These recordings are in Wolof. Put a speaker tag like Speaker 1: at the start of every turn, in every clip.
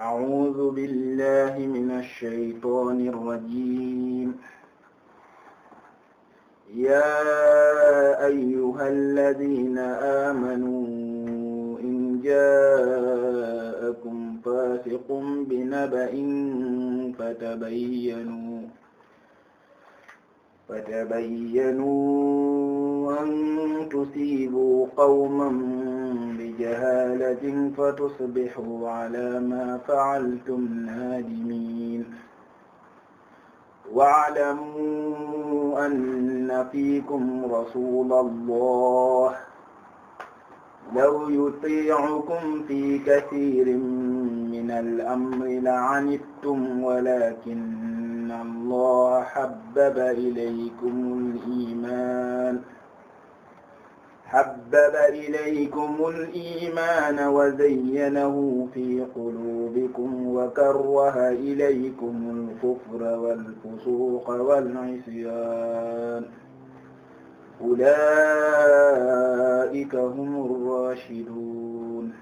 Speaker 1: أعوذ بالله من الشيطان الرجيم يا أيها الذين آمنوا إن جاءكم فاسق بنبأ فتبينوا فتبينوا أن تصيبوا قوما بجهالة فتصبحوا على ما فعلتم نادمين واعلموا أن فيكم رسول الله لو يطيعكم في كثير من الأمر لعنتم ولكن إن الله حبب إليكم الإيمان حبب إليكم الإيمان وزينه في قلوبكم وكره إليكم الكفر والفسوق والعصيان أولئك هم الراشدون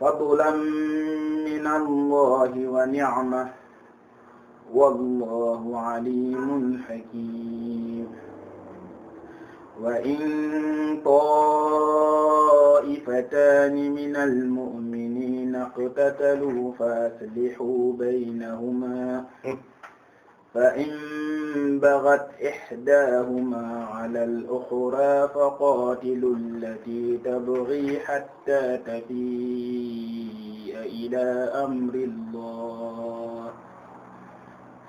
Speaker 1: فضلا من الله ونعمه والله عليم حكيم وإن طائفتان من المؤمنين اقتتلوا فأصلحوا بينهما فإن بغت إحداهما على الأخرى فقاتلوا التي تبغي حتى تفيء إلى أمر الله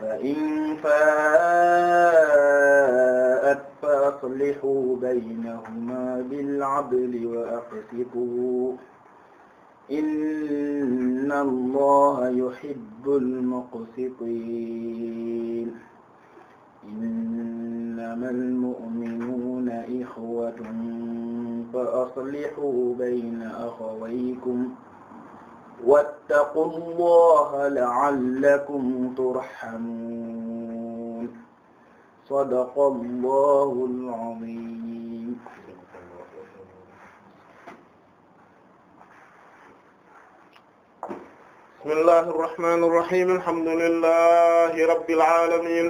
Speaker 1: فإن فاءت فأصلحوا بينهما بالعدل وأقسطوا إن الله يحب المقسطين إنما المؤمنون إخوة فأصلحوا بين أخويكم wattaqu llaha la'allakum turhamun sadaqa llahu al-azim
Speaker 2: bismillahi irrahmani irrahim alhamdulillahi rabbil alamin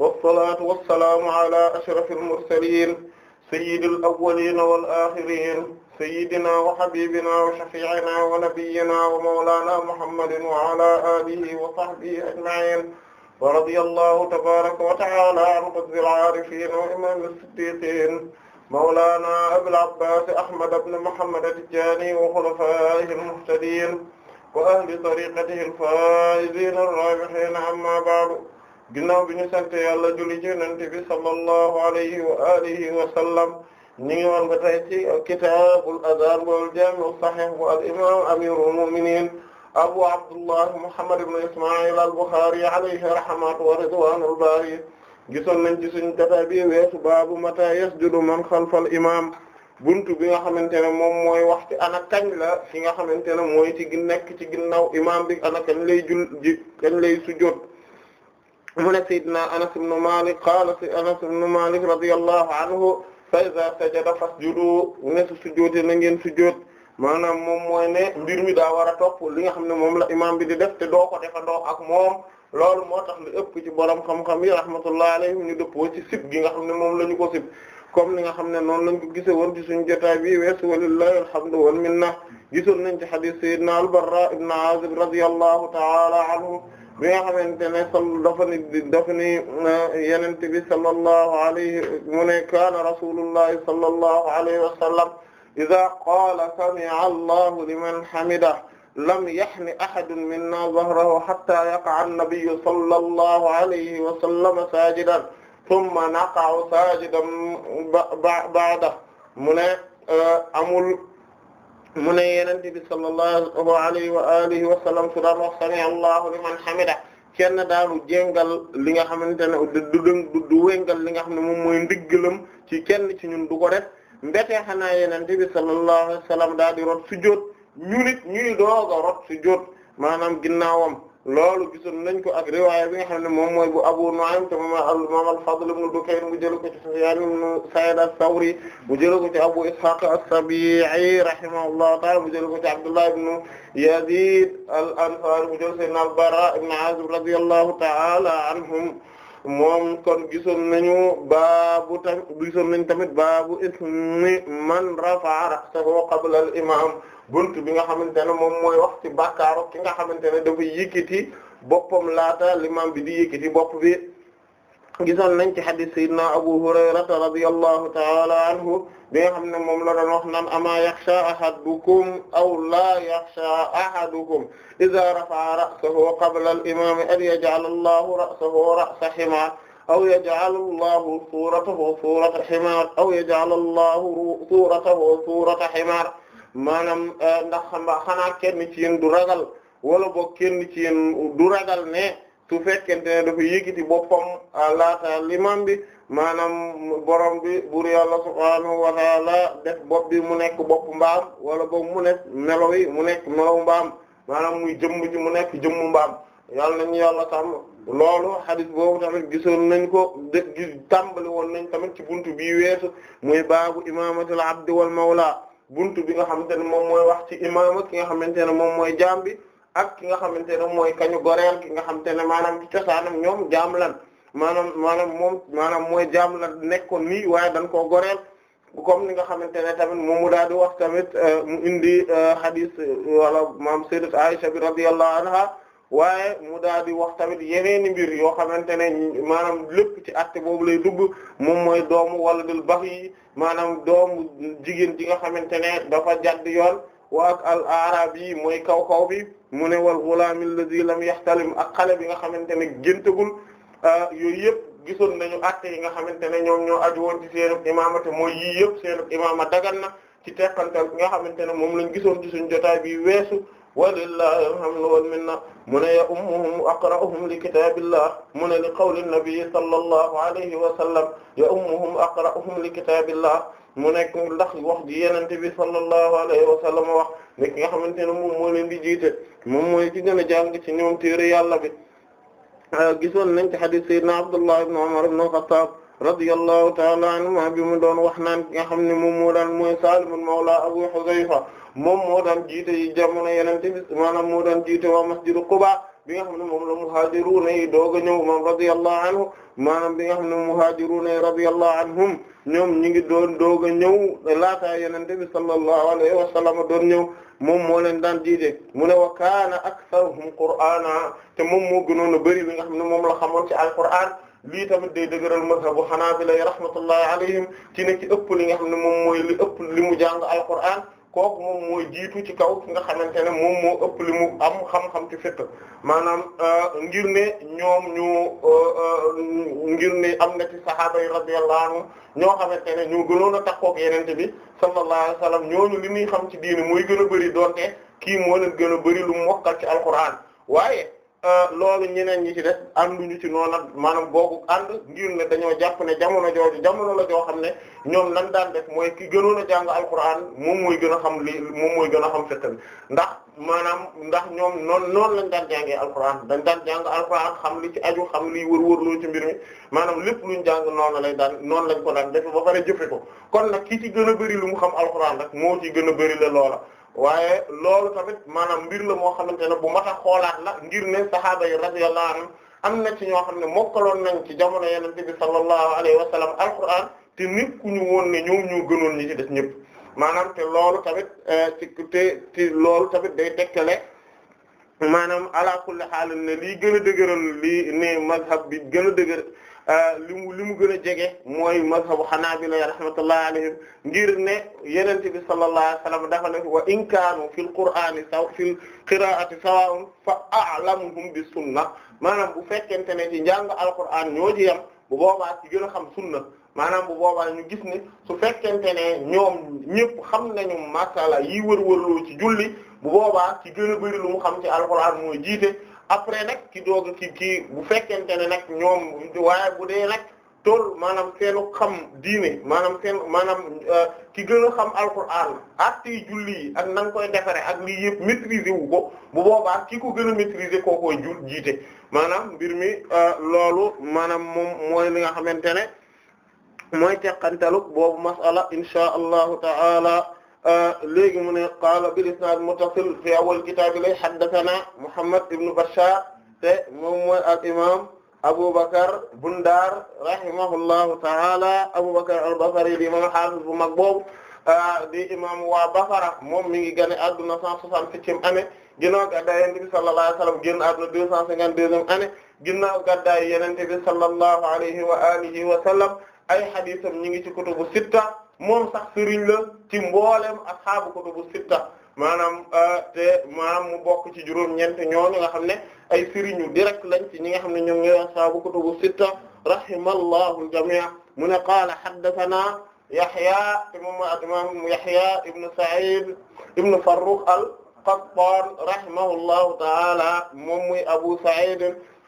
Speaker 2: wassalatu wassalamu ala ashrafil mursalin sayyidil awwalin wal akhirin sayyidina wa habibina wa shafi'ina wa nabiyyina wa mawlana muhammadin wa ala alihi wa sahbihi ajma'in wa radiyallahu tabaraka wa ta'ala an qutbil 'arifin wa imam as-siddiqin mawlana abul abbas ahmad ibn muhammad at-tijani wa khulafa'ihi al-muhtadin wa ahli tariqatihi al-faa'izin ar-raabihin amma ba'du ginnaaw bi ñu sant yàlla julli ci Yonent bi sallallahu alayhi wa alihi wa sallam ñu ngi woon ba tey ci kitaabul adaan wal jaami' sahih bu al imaam amirul mu'minin abu abdullah muhammad ibn isma'il al buxaari alayhi rahmatu wa ridwaanul baari gisoon nañ ci suñu jotaay bi weesu baabu mata yasjudu man xalfal imaam buntu bi nga xamante ne moom mooy wax ci ana kañ la fi nga xamante ne mooy ci gi nekk ci ginnaaw imaam bi ana kañ lay jul ji kañ lay sujjóot mu ne sayyidina anas ibn malik qaala anas ibn malik radiyallahu anhu fa iza sajada fasjudu ne su sujjóotee na ngeen sujjóot maanaam moom mooy ne mbir mi daa war a topp li nga xam ne moom la imaam bi di def te doo ko defandoo ak moom loolu moo tax lu ëpp ci borom xam-xam yi rahmatullah alayhim ñu dëppoo ci sib gi nga xam ne moom la ñu ko sib comme ni nga xam ne noonu lañ ko gise woon ci suñu jotaay bi weesu walillahi alhamdu wal minna gisoon nañ ci hadith sayyidina al-Barra ibn Azib radiyallahu ta'ala anhu bi nga xamante ne sal dafa ni dafa ni yenente bi sallallahu alayhi mu ne kaana rasulullahi sallallahu alayhi wa sallam idaa qaala sami'a allahu liman hamidah lam yahni ahadun minna zahrahu hatta yaqa'a an-nabiyyu sallallahu alayhi wa sallam saajidan thumma naqa'u saajidan ba'dahu mu ne eh, amul mu ne yenente bi sallallahu alayhi wa alihi wa sallam su daan wax sami allahu liman hamida kenn daanu jéngal li nga xamante ne du du du wéngal li nga xam ne moom mooy ndiggalam ci kenn ci ñun du ko def mbete xanaa yenente bi sallallahu alayhi wa sallam daal di rot sujjóot ñu nit ñuy dooga rot sujjóot maanaam ginnaawam loolu gisoon nañ ko ak riwaaya bi nga xam ne moom mooy bu Abu Nu'aym te moom al-Imam al-Fadl ibn Dukayn mu jël ko ci Sufyan ibn Sa'id ath-Thawri mu jël ko ci Abu Ishaq as-Sabi'i rahimahullahu ta'ala mu jël ko ci Abdullah ibn Yazid al-Ansari mu jël sayyidina al-Bara ibn Azib radiyallahu ta'ala anhum moom kon gisoon nañu baabu tam gisoon nañ tamit baabu ismi man rafa'a ra'sahu qabla al-imam bunt bi nga xamante ne moom mooy wax ci bàkkaaru ki nga xamante ne dafa yëkkati boppam laata limam bi di yëkkati bopp bi gisoon nañ ci hadith sayyidina abu ta'ala anhu bi nga xam ne moom la doon wax naan ama yaxsha ahadukum aw la yaxsha ahadukum idha rafa'a ra'sahu qabla al-imam an yaj'ala allahu ra'sahu ra'sa himar aw yaj'ala allahu surata himar surata himar maanaam euh, ndax xamba xanaa kenn ci yéen du ragal wala boog kenn ci yéen du ragal ne su fekkente ne dafa yëkkati boppam laata limam bi maanaam borom bi buur yàlla subhaanahu wa taala bopp bi mu nekk bopp mbaam wala boog mu nekk melo yi mu nekk melo mbaam maanaam muy jëmm ji mu nekk jëmm mbaam yàlla nañu yàlla sàmm loolu hadith boobu tamit gisoon nañ ko dé tàmbali woon nañ tamit ci buntu bii weesu muy baabu imaamatul abdi wal mawla buntu bi nga xamante ne moom mooy wax ci imaam ki nga xamante ne moom mooy jaam ak ki nga xamante ne mooy kañu goreel ki nga xamante ne maanaam ci cosaanam ñoom jaam lan maanaam maanaam moom maanaam mooy jaam la nekkoon nii waaye dañ koo goreel comme ni nga xamante ne tamit moom mu daal di wax tamit euh, mu indi euh, hadith euh, wala maam sayyidat Aisha bi radiyallahu anha waaye mu daal di wax tamit yeneeni mbir yoo xamante ne maanaam lépp ci atte boobu lay dugg moom mooy doomu walla waladul baxi maanaam doomu jigéen ji nga xamante ne dafa jadd yoon waak al arab yi mooy kaw kaw bi mu ne wal ghulaam la lam yahtalim ak xale bi nga xamante ne géntagul ah, yooyu yëpp gisoon nañu atte yi nga xamante ne ñoom ñoo aju woon ci seenub imaama te mooy yii yëpp seenub imaama dagan na ci teqantal bi nga xamante ne moom lañ gisoon ci suñu jotaay weesu walillahi alhamdu wal minna mu ne ya ummuhum aqra'uhum li kitaabillah mu ne li qawli nabi sallallahu alayhi wa sallam ya ummuhum aqra'uhum li kitaabillah mu nekk ndax wax ji yenente bi sallallahu alayhi wa sallam wax ne ki nga xamante ne moom moo leen di jiite moom mooy ci gën a jàng ci ñoom téere yàlla bi ah, gisoon nañ ci hadith sayyidina Abdullah ibn Umar ibn al-Khattab radiyallahu ta'ala anhuma bi mu doon wax naan ki nga xam ne moom moo daan mooy Salim mawla Abu Hudhayfa moom moo daan jiite yi jamono Yonent bi maanaam moo daan jiite waa masjidu Quba bi nga xam ne moom la muhaajiruuna yi doog a ñëw moom radiyallahu anhu maanaam bi nga xam ne muhaajiruuna yi radiyallahu anhum ñoom ñi ngi doon doog a ñëw laataa Yonent bi sallallahu alayhi wa sallam doon ñëw moom moo leen daan jiite mu ne wa kaana aktharuhum qur'aana te moom moo gënoon a bëri bi nga xam ne moom la xamoon ci alqur'aan lii tamit day dëgëral mazhabu Hanaabila rahmatullahi alayhim ci ne ci ëpp li nga xam ne moom mooy li ëpp li mu jàng alqur'aan kooku moom mooy jiitu ci kaw ki nga xamante ne moom moo ëpp li mu am xam-xam ci fiqh maanaam euh, ngir ne ñoom ñu euh, ngir ne am na ci sahaaba yi radiyallahu ñoo xamante ne ñoo gënoon tax takkoo ak yenente bi sallallahu alayhi wasallam ñooñu li muy xam ci diini mooy gën a bëri doonte kii moo leen gën bari lu mu mokkal ci alquran waaye Euh, loolu ñeneen ñi ci def ñu ci noonu maanaam boobu ànd ngir ne dañoo jàpp ne jamono jooju jamono la joo xam ne ñoom lan daan def mooy kii gënoon a jàng al moom mooy gën a xam li moom mooy gën a xam fiqh ndax maanaam ndax ñoom noon noonu lañ daan jàngee alquran dañ daan jàng alquran xam li ci aju xam liy wër-wër loolu ci mbir mi maanaam lépp luñ jàng noonu lay daan noonu lañ ko daan def ba pare jëfe ko kon nag ki ci gën a bëri lu mu xam alquran rek moo ci gën a bëri la waaye loolu tamit maanaam mbir la moo xamante ne bu mat xoolaat la ngir ne sahaaba yi radiyallahu anhum am na ci ñoo xam ne mokkaloon nañ ci jamono yenente bi sallallahu alayhi wa sallam alquran te nit ku ñu woon ne ñoom ñoo gënoon ñi ci des ñëpp maanaam te loolu tamit eh, ci ci loolu tamit day tekkale maanaam ala kulli xaal ne lii gën a dëgëral lii ne mazhab bi gën a dëgër Euh, li mu li mu gën a jege mooy mazhabu xanaabila rahmatullahi alayhim ngir ne yonent bi sallallahu alayhi wa sallam dafa ne wa in kaanu fil qur'aani saw fil qiraa'ati sawaa'un fa a'lamuhum bis sunna maanaam bu fekkente ne ci njàng alqur'aan ñoo ci yam bu boobaa ci gën a xam sunna maanaam bu boobaa ñu gis ni su fekkente ne ñoom ñëpp xam nañu masala yi wër-wërloo ci julli bu boobaa ci gën a lu mu xam ci alqur'aan mooy jiite. après nag ki doogu a ki bu fekkente ne nag ñoom waaye bu dee nag tool maanaam seenu xam diine maanaam seen maanaam euh, ki gën a xam alquran arti julli ak na koy defare ak lii yëpp maîtriser wu ko bu boobaa ki ko gën a maîtriser koo koy jul jiite maanaam mbir mi euh, loolu maanaam moom mooy li nga xamante ne mooy teqantaluk boobu masala insha allahu ta'ala Euh, léegi mu ne qaala bil isnaad muttasil fi awwal kitaab lay haddathana Muhammad ibn Bashar te moom mooy al imaam Aboubacar Bundar rahimahullahu ta'ala Aboubacar al-Basri di imaam haafiz bu mag boobu euh, di imaam waa Basra moom mi ngi génn àdduna 167 année ginnaaw gàddaay Yonent bi sallallahu alayhi wa sallam génn àdduna 252 année bi sallallahu alayhi wa alihi ay hadiisam ñi ngi ci kutubu sitta. moom sax sëriñ la ci mboolem ashaabu kutubu sitta maanaam euh, te maanaam mu bokk ci juróom-ñeent ñooñu nga xam ne ay sëriñu direct lañ ci nga xam ne ñoom ñooy ashaabu kutubu sitta rahimallahu al-jamii' mu ne qaala haddathanaa Yahya imaam Yahya ibn Sa'id ibn Farrukh al-Qattan rahimahullahu ta'ala moom muy Abu Sa'id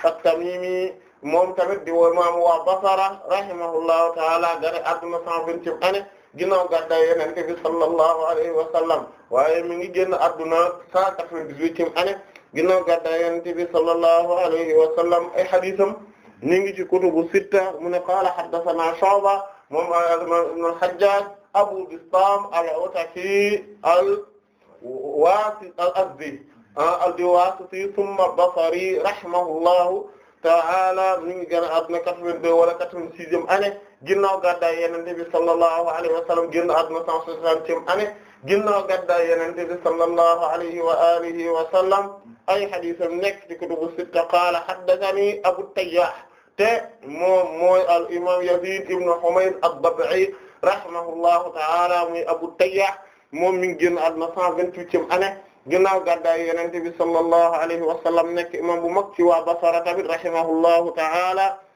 Speaker 2: at-Tamimi moom tamit di imaamu waa Basra rahimahullahu ta'ala gane adduna 120 ane ginnaaw gàddaay yonent bi sallallahu alayhi wa sallam waaye mi ngi génn adduna 198e année ginnaaw gàddaay yonent bi sallallahu alayhi wa sallam ay hadisam ñu ngi ci kutubu sitta mu ne qaala haddathana Shu'ba moom ibn al-Hajjaj Abu Bistam al-Ataki al-Wasi al-Azdi al-Wasiti thumma Basri rahimahullahu ta'ala mi ngi génn adduna 82 wala 86e année ginnaaw gàddaay yenente bi sallallahu alayhi wa sallam génn àdduna cent soixantième année ginnaaw gàddaay yenente bi sallallahu alayhi wa alihi wa sallam ay hadisam nekk ci kutubu sitta qaala haddathani Abu Tayyah te moom mooy al imam Yazid ibn Humayd ad-Dab'i rahimahullahu ta'ala muy Abu Tayyah moom mi ngi génn àdduna cent vingt-huitième année ginnaaw gàddaay yenente bi sallallahu alayhi wa sallam nekk imam bu mag ci waa Basra tamit rahimahullahu ta'ala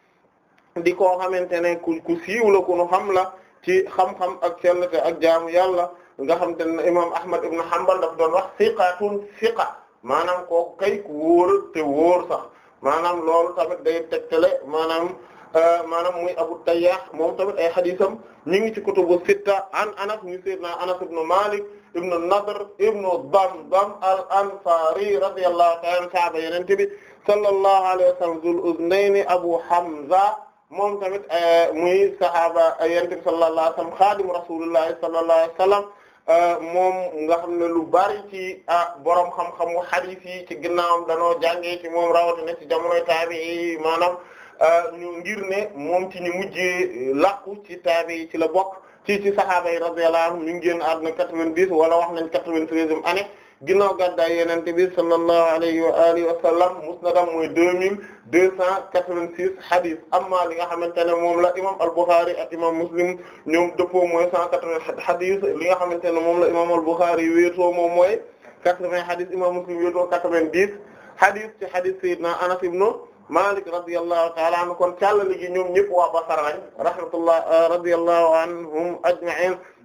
Speaker 2: di koo xamante ne ku ku la ku nu xam la ci xam-xam ak sellate ak jaamu yàlla nga xamante ne imam ahmad ibn hanbal daf doon wax siqatun siqa maanaam kooku kay ku wóor te wóor sax maanaam loolu tamit day tegtale maanaam euh, maanaam muy abu tayyah moom tamit ay xadisam ñu ngi ci kutubu sitta an anas ñu sayyidina anas ibn malik ibn nadr ibn al ansari radiyallahu ta'ala sahaaba yenente bi sallallahu alayhi wa sallam zul uznayni abu hamza moom tamit eh, muy sahaaba eh, yonent bi sallallahu alayhi wa sallam xaadimu rasulillahi sallallahu alayhi eh, moom nga xam ne lu bari ci ah borom xam-xamu xam yi ci ginnaawam danoo jàngee ci moom rawatina ci jamonoy taabii maanaam ñu ngir ne moom ci ñu mujjee làkku ci taabii ci la bokk ci ci sahaaba yi radiyallahu anhum ñu ngi génn àdduna quatre-vingt-dix wala wax nañ quatre-vingt-treizième année ginnaaw gàddaay yonent bi sallallahu alayhi wa alihi wa sallam musnadam mooy deux mille deux cent quatre-vingt-six hadith amma li nga xamante ne moom la imam al-Bukhari ak imam Muslim ñoom dëppoo mooy cent quatre-vingts hadith li nga xamante ne moom la imam al-Bukhari wéetoo moom mooy quatre-vingts hadith imam Muslim wéetoo quatre-vingt-dix hadith ci hadith sayyidina Anas ibn Malik radiyallahu ta'ala anhu kon càllali gi ñoom ñëpp waa Basra lañ rahmatullah euh, radiyallahu anhum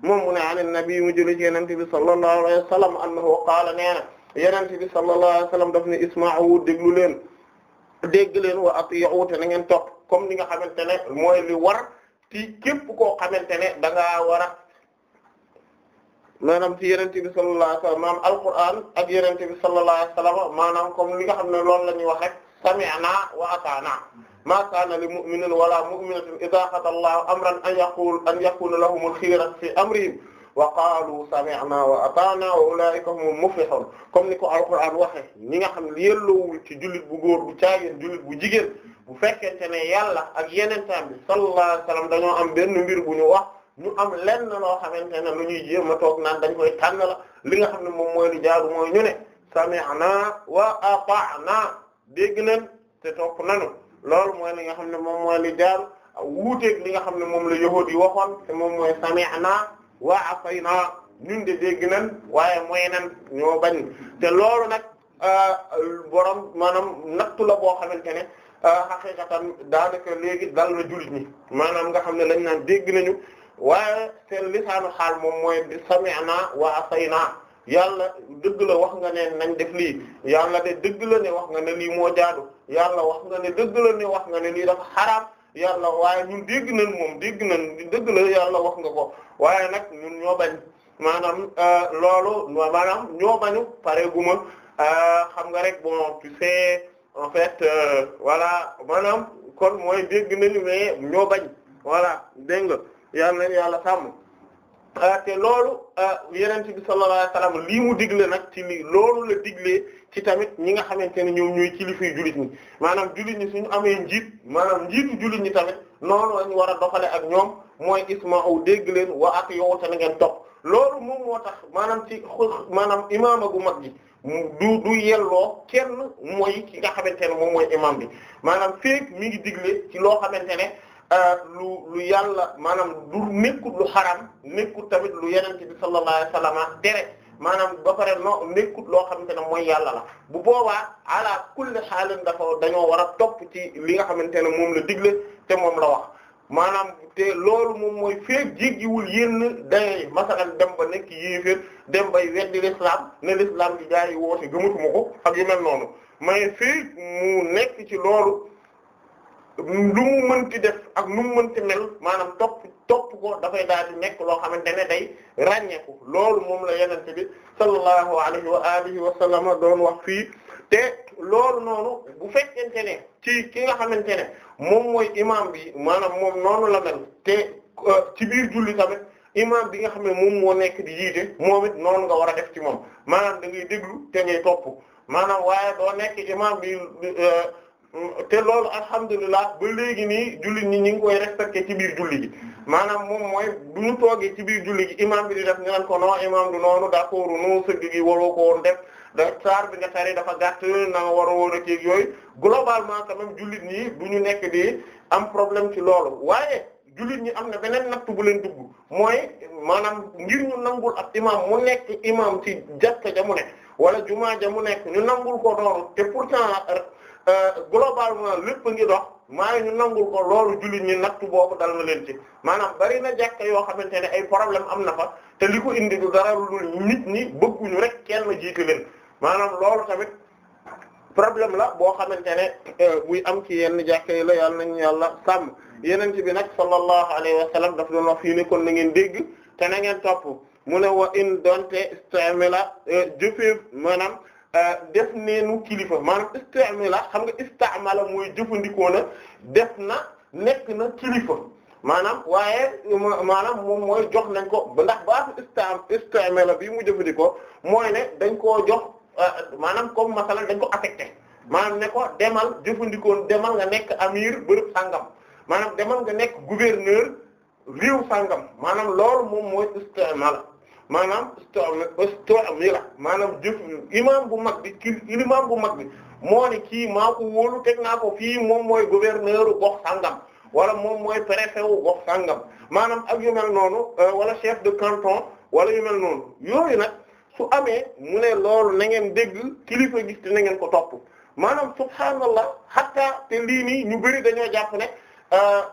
Speaker 2: moom mu ne an an-nabi mu jële ci yenente bi sallallahu alayhi wa sallam annahu leen wa ati'u na ngeen topp comme ni nga xamante ne mooy li war koo xamante ne da ngaa war a bi sallallahu alayhi wa ak yenente bi sallallahu alayhi wa sallam li nga xam ne loolu la ñuy wax sami'na wa ata'na ma kana li mu'minin wala mu'minatin idha qada Allahu amran an yaqul an yakuna lahumul khiyaratu fi amrihim wa qaalu sami'na wa ata'na wa ulaa'ika humul muflihun comme ni ko alquran waxe ñi nga xam ne yelloowul ci jullit bu góor bu caageen jullit bu jigéen bu fekkente ne yàlla ak yenentaan bi sallallahu alayhi wa sallam dañoo am benn mbir bu ñu wax ñu am lenn loo xamante ne lu ñuy jéem a toog naan dañ koy tànn la li nga xam ne moom mooy li jaaru mooy ñu ne sami'na wa ata'na dégg nañ te topp nañu loolu mooy li nga xam ne moom mooy li jaar wuuteeg li nga xam ne moom la yahuud yi waxoon te moom mooy sami'na wa asayna ñun de dégg nañ waaye mooy nan ñoo bañ te loolu nag euh, borom maanaam nattu la boo xamante ne xaqiqatan euh, daanaka léegi dal na jullit ñi maanaam nga xam ne lañ naan dégg nañu waaye seen lisaanu xaal moom mooy sami'na wa asayna yàlla dëgg la wax nga ne nañ def lii yàlla de dëgg la ne wax nga ne lii moo jaadu yàlla wax nga ne dëgg ne wax nga ne lii dafa xaraam yàlla waaye ñun dégg nañ moom dégg nañ dëgg la yàlla wax nga ko waaye nag ñun ñoo bañ maanaam euh, loolu maanaam ñoo bañu pare guma euh, xam nga rek bon tu sais en fait euh, kon mooy dégg nañu mais ñoo bañ voilà dégg nga yàlla yàlla sàmm Euh, te loolu euh, yenente bi sallallahu alayhi wasallam lii mu digle nag ci li loolu la diglee ci tamit ñi nga xamante ne ñoom ñooy kilifa yu jullit ñi maanaam jullit ñi suñu amee njiit maanaam njiitu jullit ñi tamit noonu lañ war a doxale ak ñoom mooy isma'u dégg leen wa ak yow te na ngeen topp loolu moom moo tax maanaam ci maanaam imaama gu mag ji du du yelloo kenn mooy ki nga xamante ne moom mooy imam bi maanaam feek mi ngi digle ci loo xamante ne Euh, lu lu yàlla maanaam du nekkul lu xaram nekkul tamit lu yenente bi sallallahu alayhi wasallam tere maanaam ba pare no nekkut loo xamante ne mooy yàlla la bu boobaa ala kulli xaalin dafa dañoo war a topp ci li nga xamante ne moom la digle te moom la wax maanaam te loolu moom mooy feeg jéggiwul yenn day masalan dem ba nekk yéeféer dem bay weddi l'islam ne l'islam di jaay woote gëmatuma ko ak yu mel noonu mais feeg mu nekk ci loolu lu mu mënti def ak nu mu mënti mel maanaam topp topp ko dafay daal di nekk loo xamante ne day ràññeeku loolu moom la yenente bi sallallahu alayhi wa alihi wa sallam doon wax fii te loolu noonu bu fekkente ne ci ki nga xamante ne moom mooy imam bi maanaam moom noonu la mel te euh, ci biir julli tamit imam bi nga xam ne moom moo nekk di jiite moom it noonu nga war a def ci moom maanaam da ngay déglu te ngay topp maanaam waaye doo nekk imam bi euh, te loolu alhamdulilah ba léegi nii jullit ñi ñu ngi koy respecté ci biir julli gi maanaam moom mooy bu ñu toogee ci biir julli gi imaam bi di def ñu naan ko non imaam du noonu d'accord non sëgg gi waroo ko woon def da saar bi nga dafa gàtt na nga war a woon a ceeg yooyu globalement quand jullit ñi du ñu nekk di am problème ci loolu waaye jullit ñi am na beneen natt bu leen dugg mooy maanaam ngir ñu nangul ak imaam mu nekk imaam ci jàkka ja nekk wala jumaa ja mu nekk ñu nangul ko Euh, globalement lépp ngi dox maa ñu nangul ko loolu jullit ñi natt boobu dal na leen ci maanaam bari na jàkka yoo xamante ne ay problème am na fa te li ko indi du dara lu nit ñi bëgguñu rek kenn jiite leen maanaam loolu tamit problème la boo xamante ne euh, buy am ci yenn jàkka yi la yàlla nañu la sàmm yeneen ci bi nag sallallahu alayhi wa sallam daf doon wax fii ne kon na ngeen dégg te na ngeen topp mu ne wa in donte istamila euh, jëfee maanaam. Euh, def neenu kilifa maanaam istimala xam nga istamala mooy jëfandikoo na def na nekk na kilifa maanaam waaye maanaam moom mooy jox nañ ko ndax baatu ista istimala bii mu jëfandikoo mooy ne dañ koo jox euh, maanaam comme masalan dañ ko affecté maanaam ne ko demal jëfandikoo demal nga nekk amir bërëb sangam maanaam demal nga nekk gouverneur réew sangam maanaam loolu moom mooy istimala maanaam istamira maanaam jëf imam bu mag ki imam bu mag bi moo ne kii maa ko wóolu teg naa ko fii moom mooy gouverneur gox sangam wala moom mooy préfet wu gox sangam maanaam ak yu mel noonu euh, wala chef de canton wala yu mel noonu yooyu nag su amee mu ne loolu na ngeen dégg kilifa gis te na ngeen ko topp maanaam subhaanallah hatta te lii nii ñu bëri dañoo jàpp ne euh,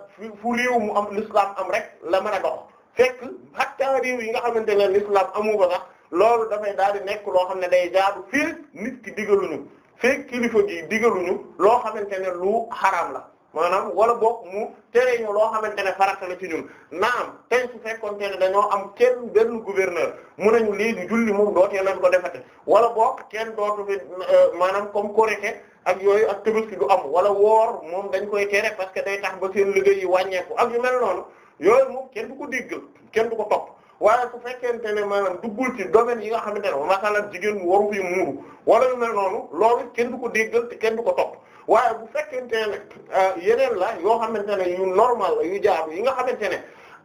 Speaker 2: fu réew mu am l'islam am rek la mar a dox fekk hatta réew yi nga xamante ne l'islam amu ba sax loolu dafay daal di nekk loo xam ne day jaadu fekk nit ki digaluñu fekk kilifa gi digaluñu loo xamante ne lu xaraam la maanaam wala boog mu tere ñu loo xamante ne farata la ci ñun naam tey su fekkoon ne dañoo am kenn benn gouverneur mun nañu léegi julli moom dootee leen ko defatee wala boog kenn dootu fi euh, maanaam comme korite ak yooyu ak Tabaski du am wala woor moom dañ koy tere parce que day tax ba seen liggéey wàññeeku ak yu mel noonu. yooyu moom kenn du ko déggal kenn du ko topp waaye bu fekkente ne maanaam duggul ci domaine yi nga xamante ne masalan jigéen mu waru fi muuru wala lu mel noonu loolu kenn du ko déggal te kenn du ko topp waaye bu fekkente ne euh, yeneen la yoo xamante ne yu normal la yu jaadu yi nga xamante ne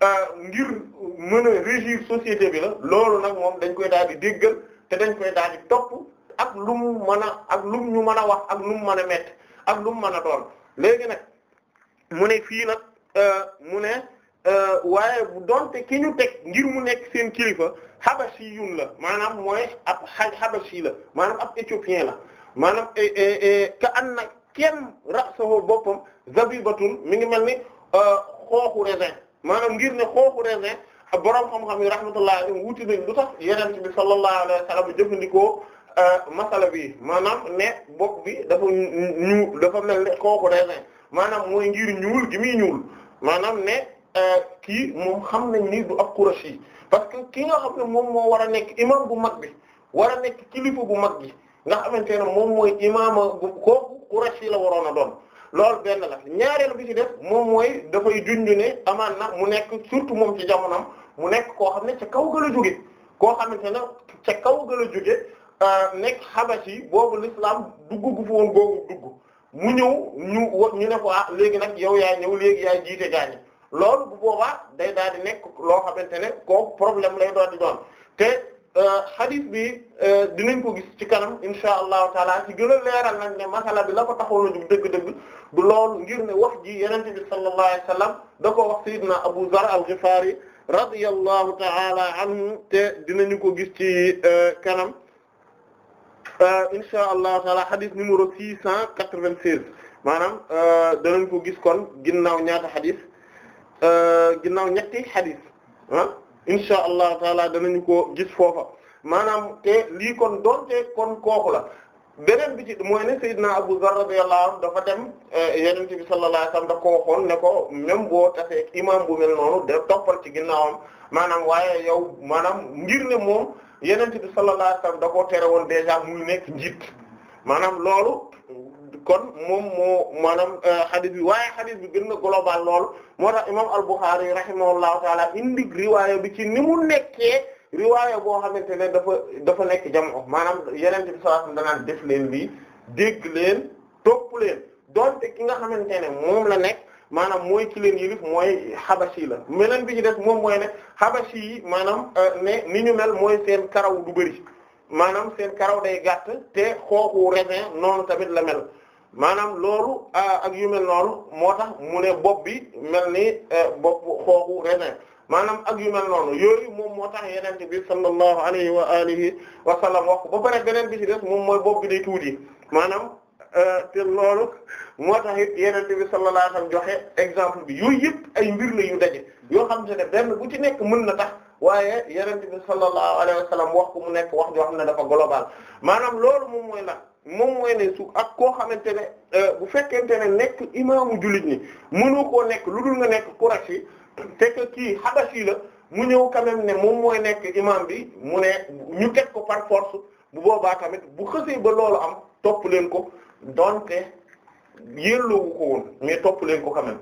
Speaker 2: euh, ngir mën a régir société bi la loolu nag moom dañ koy daal di déggal te dañ koy daal di topp ak lu mu mën a ak lu ñu mën a wax ak lu mu mën a métti ak lu mu mën a doon léegi nag mu ne fii nag euh, mu ne. Euh, waaye donte ki ñu teg ngir mu nekk seen kilifa habashiyun la maanaam mooy ab habashi la maanaam ab éthiopien la maanaam e, e, e, ka an na kenn rasahu boppam zabibatun mi ngi mel ni euh, xooxu raisin maanaam ngir ne xooxu raisin borom xam-xam yi rahmatullah wuti nañ lu tax yonent bi sallallahu alayhi wa sallam jëfandikoo euh, masala bi maanaam ne bopp bi dafa ñu dafa mel ne xooxu raisin maanaam mooy ngir ñuul gi muy ñuul maanaam ne. Euh, kii moom xam nañ ni du ab Qurashi parce que ki nga xam ne moom moo war a nekk imam bu mag bi war a nekk kilifa bu mag bi nga xamante ne moom mooy imaama bu kooku Qurashi la waroon a doon loolu benn la ñaareel bi ci def moom mooy dafay junj ne amaan na mu nekk surtout moom ci jamonam mu nekk koo xam ne ca kaw ga la jóge koo xamante ne ca kaw ga la jóge euh, nekk ci boobu l'islam dugg gu fa woon googu dugg mu ñëw ñu ñu ne ko ah léegi nag yow yaa ñëw léegi yaa jiite gaañi loolu bu boobaa day daal di nekk loo xamante ne kooku problème lay doon di doon te euh, hadith bi euh, dinañ ko gis ci kanam insha allahu taala ci gën a leeral nag ne masala bi la ko taxaw na jug dëgg-dëgg du loolu ngir ne wax ji yenente bi sallallahu alayhi wasallam da ko wax sayyidina Abu Zar al-Ghifari radiyallahu taala anhu te dinañu ko gis ci euh, kanam insha allahu taala hadith numéro six cent quatre-vingt-seize maanaam danañ ko gis kon ginnaaw ñaata hadith Euh, ginnaaw ñetti xadis ah insha allahu taala danañu ko gis foofa maanaam te lii kon donte kon kooku la beneen bi ci mooy ne Seydina Abu Zarr radiyallahu anhu dafa dem euh, Yonent bi sallallahu alayhi da ko waxoon ne ko même boo tasee imam bu mel noonu da toppal ci ginnaawam maanaam waaye yow maanaam ngir ne moom yeneen bi sallallahu alayhi wasallam da koo tere woon muy nekk njiit maanaam loolu kon moom moo maanaam xadis euh, bi waaye xadis bi gën na global lool moo tax imam al-Bukhari rahimahullahu taala indi riwaaya bi ci ni mu nekkee riwaaya boo xamante ne dafa dafa nekk jamono maanaam yeneen bi sallallahu alayhi wasallam danaan def leen lii dégg leen topp leen donte ki nga xamante ne moom la nekk maanaam mooy ki leen yilif mooy xabashi la melan bi ci def moom mooy ne xabashi yi maanaam euh, ne ni ñu mel mooy seen karaw du bëri maanaam seen karaw day gàtt te xooxu raisin noonu tamit la mel maanaam loolu ak yu mel noonu moo tax mu ne bopp bi mel ni e, bopp xooxu raisin maanaam ak yu mel noonu yooyu moom moo tax yenente bi sallallahu alayhi wa alihi wax sallam wax ba pare beneen bi ci des moom mooy bopp bi day tuuti maanaam e, te loolu moo tax it yenente bi sallallahu alayhi wa joxe exemple bi yooyu yëpp ay mbir la yu daje yoo xam te ne bu ci nekk mun na tax waaye yenente bi sallallahu alayhi wa sallam wax ko mu nekk wax joo xam ne dafa global maanaam loolu moom mooy la moom mooy ne su ak koo xamante ne euh, bu fekkente ne nekk imaamu jullit ñi mënoo koo nekk lu dul nga nekk Qurashi te que kii Habashi la mu ñëw quand ne moom mooy nekk imaam bi mu ne ñu teg ko par force bu boobaa tamit bu xësee ba loolu am topp leen ko donte yelloowu ko woon mais topp leen ko quand même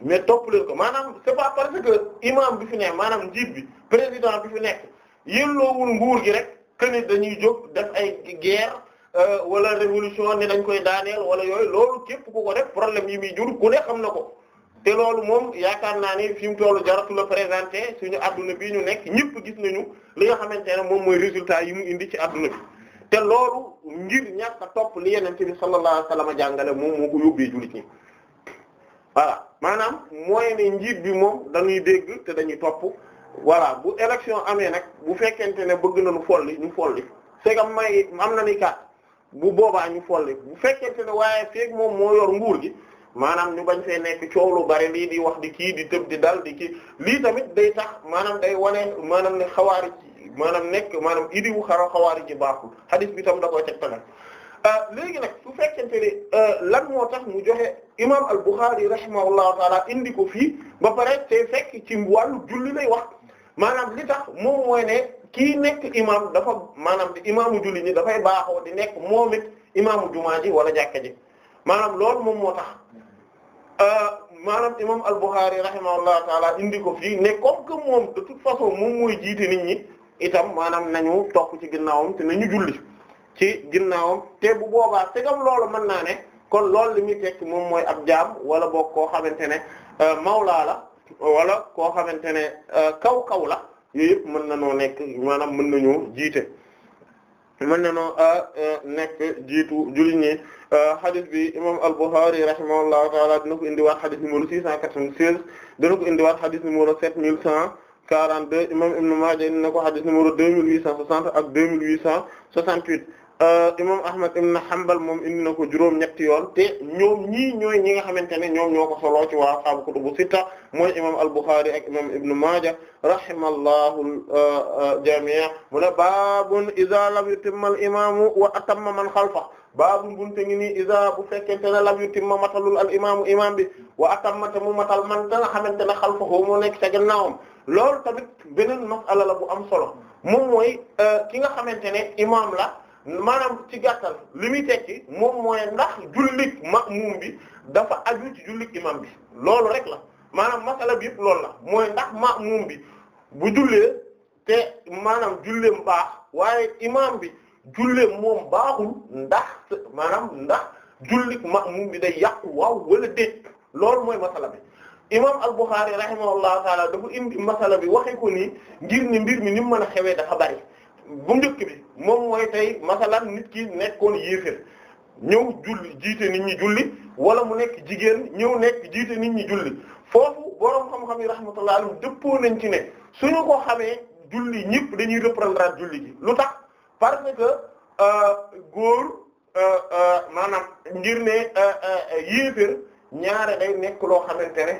Speaker 2: mais topp leen ko maanaam c'est pas parce que imam bi fi nekk maanaam njiit bi président bi fi nekk yelloowul nguur gi rek que ni dañuy jóg def ay guerre euh, wala révolution ne dañ koy daaneel wala yooyu loolu képp ku ko def problème yi muy jur ku ne xam na ko te loolu moom yaakaar naa ni fi mu toll jaratu la présenter suñu adduna bi ñu nekk ñëpp gis nañu li nga xamante ne moom mooy résultat yi mu indi ci adduna bi te loolu ngir ñàkk topp li Yonent bi sallallahu alayhi wa sallam jàngale moom moo ko yóbbee jullit ñi voilà maanaam mooy ne njiit bi moom dañuy dégg te dañuy topp voilà bu élection amee nag bu fekkente ne bëgg na nañu folli ñu folli segam may am na ni kat bu boobaa ñu folli bu fekkente ne waaye feeg moom moo yor nguur gi maanaam ñu bañ fee nekk coow lu bari lii di wax di kii di tëb di dal di kii lii tamit day tax maanaam day wane maanaam ne xawaari maanaam nekk maanaam idi wu xara xawaari ji baaxul xadis bi tam da koy tegtale euh, léegi nag su fekkente ne euh, lan moo tax mu joxe imam al Bukhari rahimahullahu taala indi ko fii ba pare te fekk ci wàllu julli lay wax maanaam li tax moom mooy ne kii nekk imam dafa maanaam di imaamu julli ñi dafay baaxoo di nekk moom it imaamu jumaa ji wala jàkka ji maanaam loolu moom moo tax euh, maanaam imam al-Bukhari rahimahullahu taala indi ko fii ne comme que moom de toute façon moom mooy jiite nit ñi itam maanaam nañu topp ci ginnaawam te nañu julli ci ginnaawam te bu te tegam loolu mën naa ne kon loolu li muy tekki moom mooy ab jaam wala boog koo xamante ne euh, mawlaa la wala koo xamante ne euh, kaw kaw la yooyu mën na noo nekk maanaam mën nañoo jiite mën na noo euh, euh, nekk jiitu jullit ñi hadith bi imam al-Bukhari rahimahullahu taala dina ko indiwaat hadith numéro 696 dina ko indiwaat hadith numéro 7142 imam Ibn Maaja indi na ko hadith numéro 2860 ak 2868 Euh, imam Ahmad ibn Hanbal moom indi na ko juróom ñetti yoon te ñoom ñii ñooy ñi nga xamante ne ñoom ñoo ko soloo ci waa ashaabu kutubu sitta mooy imam al-Bukhari ak imam Ibn Maaja rahimallahu euh, euh, jamii' mu ne baabun iza lam yutimma al-imaamu wa atamma man xalfa baabun bu fekkente ne lam yutimma matalul al-imaamu imaam bi wa atamma te mu matal man te nga xamante ne xalfa ko moo nekk ca lool loolu tamit beneen mas'ala la bu am solo moom mooy ki nga xamante ne imaam la maanaam ci gàttal li muy tekki moom mooy ndax jullit ma'muum bi dafa aju ci jullit imam bi loolu rek la maanaam masala bi yëpp loolu la mooy ndax ma'muum bi bu jullee te maanaam julleem baax waaye imam bi julleem moom baaxul ndax maanaam ndax jullit ma'muum bi day yàqu waaw wala déet loolu mooy masala bi imam al-Bukhari rahimahullahu taala dafa indi masala bi waxee ko nii ngir ni mbir mi ni mu mën a xewee dafa bari bu njëkk bi moom mooy tey masalan nit ki nekkoon yéefér ñëw julli jiite nit ñi julli wala mu nekk jigéen ñëw nekk jiite nit ñi julli foofu boroom xam-xam yi rahmatullah alayhi dëppoo nañ ci ne suñu ko xamee julli ñëpp dañuy reprendre julli gi lu tax parce que euh, góor euh, euh, maanaam ngir ne yéefér ñaare day nekk loo xamante ne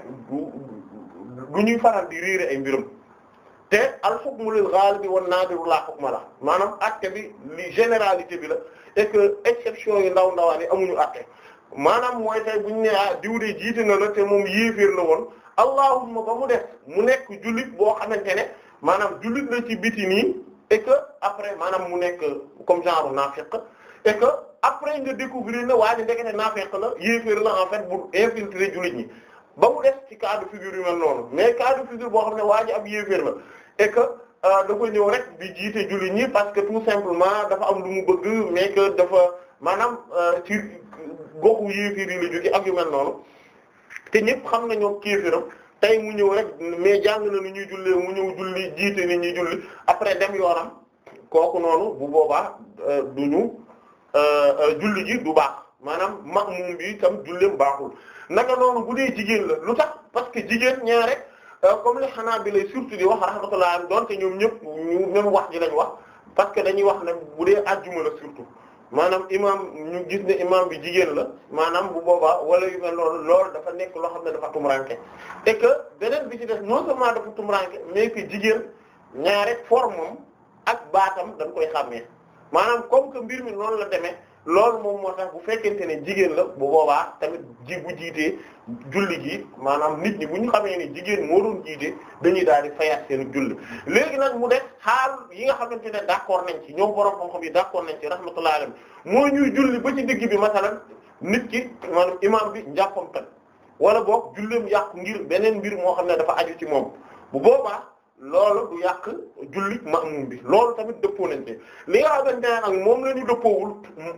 Speaker 2: du ñuy faral di réere ay mbiram te al hukmu lil ghalib wan nadiru la hukma la maanaam acte bi li généralité bi la et que exception yu ndaw ndawaan yi amuñu acte maanaam mooy tey bu ñu ne ah diw de jiite na la te moom yéeféer la woon allahumma ba mu def mu nekk julit boo xamante ne maanaam jullit la ci biti nii et que après maanaam mu nekk comme genre naafiq et que après nga découvrir ne waa ji ndekete naafiq la yéeféer la en fait pour infiltrer jullit ñi ba mu def ci cas de figure yu mel noonu mais boo xam ne waa ji ab yéeféer la et que euh, dafa ñëw rek di jiite julli ñi parce que tout simplement dafa am lu mu bëgg mais que dafa maanaam euh, ci goxu yéefir yi la jóge ak yu noonu te ñëpp xam na ñoom kéefiram tey mu ñëw rek mais jàng na nu ñuy jullee mu ñëw julli jiite ni ñuy julli après dem yoonam kooku noonu bu boobaa euh, du ñu julli ji du baax maanaam mag ma'mum bi tam julleem baaxul naka noonu bu dee jigéen la lu tax parce que jigéen ñaar rek. Euh, comme li Hanaabila surtout di wax rahmatullah doonte ñoom ñëpp ñu même wax ji lañ wax parce que dañuy wax ne bu dee àjjuma la surtout maanaam imaam ñu gis ne imaam bi jigéen la maanaam bu boobaa wala yu mel noonu dafa nekk loo xam ne dafa tumranke et que beneen bi ci def non seulement dafa tumranke mais que jigéen ñaare formam ak baatam dañ koy xàmmee maanaam comme que mbir mi noonu la demee loolu moom moo tax bu fekkente ne jigéen la bu boobaa tamit ji bu jiitee julli gi maanaam nit ñi bu ñu xamee ne jigéen moo doon jiite dañuy daal di fayaat seen julli léegi nag mu def xaal yi nga xamante ne d'accord nañ ci ñoom borom xam-xam yi d'accord nañ ci rahmatullahi alayhi moo ñuy julli ba ci digg bi masalan nit ki maanaam imaam bi njàppam tan wala boog julleem yàqu ngir beneen mbir moo xam ne dafa aju ci moom bu boobaa loolu du yàq julli ma'mum bi loolu tamit dëppoo nañ ci li nga xamante ne moom la ñu dëppoowul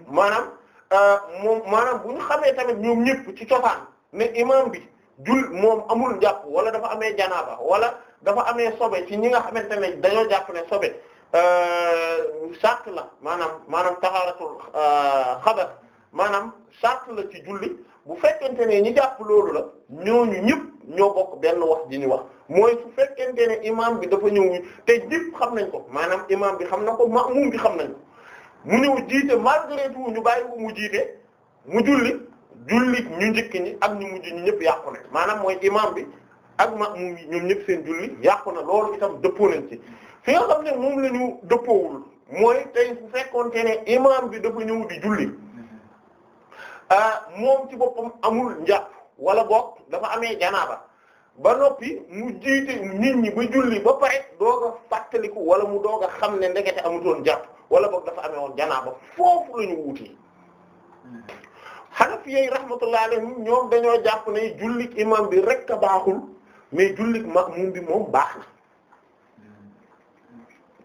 Speaker 2: maanaam euh, moom maanaam bu ñu xamee tamit ñoom ñëpp ci cosaan ne imam bi jul moom amul jàpp wala dafa amee janaaba wala dafa amee sobe ci ñi nga xamante ne dañoo jàpp ne sobe euh, sart la maanaam maanaam taxaaratul euh, xabar maanaam sart la ci julli bu fekkente ne ñi jàpp loolu la ñooñu ñëpp. ñoo bokk benn wax ji ñu wax mooy su fekkente ne imaam bi dafa ñëw te ñépp xam nañ ko maanaam imaam bi xam na ko maamum bi xam nañ ko mu ñëw jiite malgré tout ñu bàyyi ko mu jiite mu julli julli ñu njëkk ñi ak ñu mujj ñu ñépp yàqu na maanaam mooy imaam bi ak maamum bi ñëpp seen julli yàqu na loolu itam dëppoo nañ ci fi nga xam ne moom lañu ñu dëppoowul mooy tey su fekkonte ne imaam bi dafa ñëw di julli ah moom ci boppam amul njàpp wala boog dafa amee janaaba ba noppi mu jiite nit ñi ba julli ba pare doog a fàttaliku wala mu doog a xam ne ndekete amutoon jàpp wala boog dafa amee woon janaaba foofu la ñu wuti Hanafi yi rahmatullahi alayhim ñoom dañoo jàpp ne jullik imam bi rek a baaxul mais jullik ma'mum bi moom baax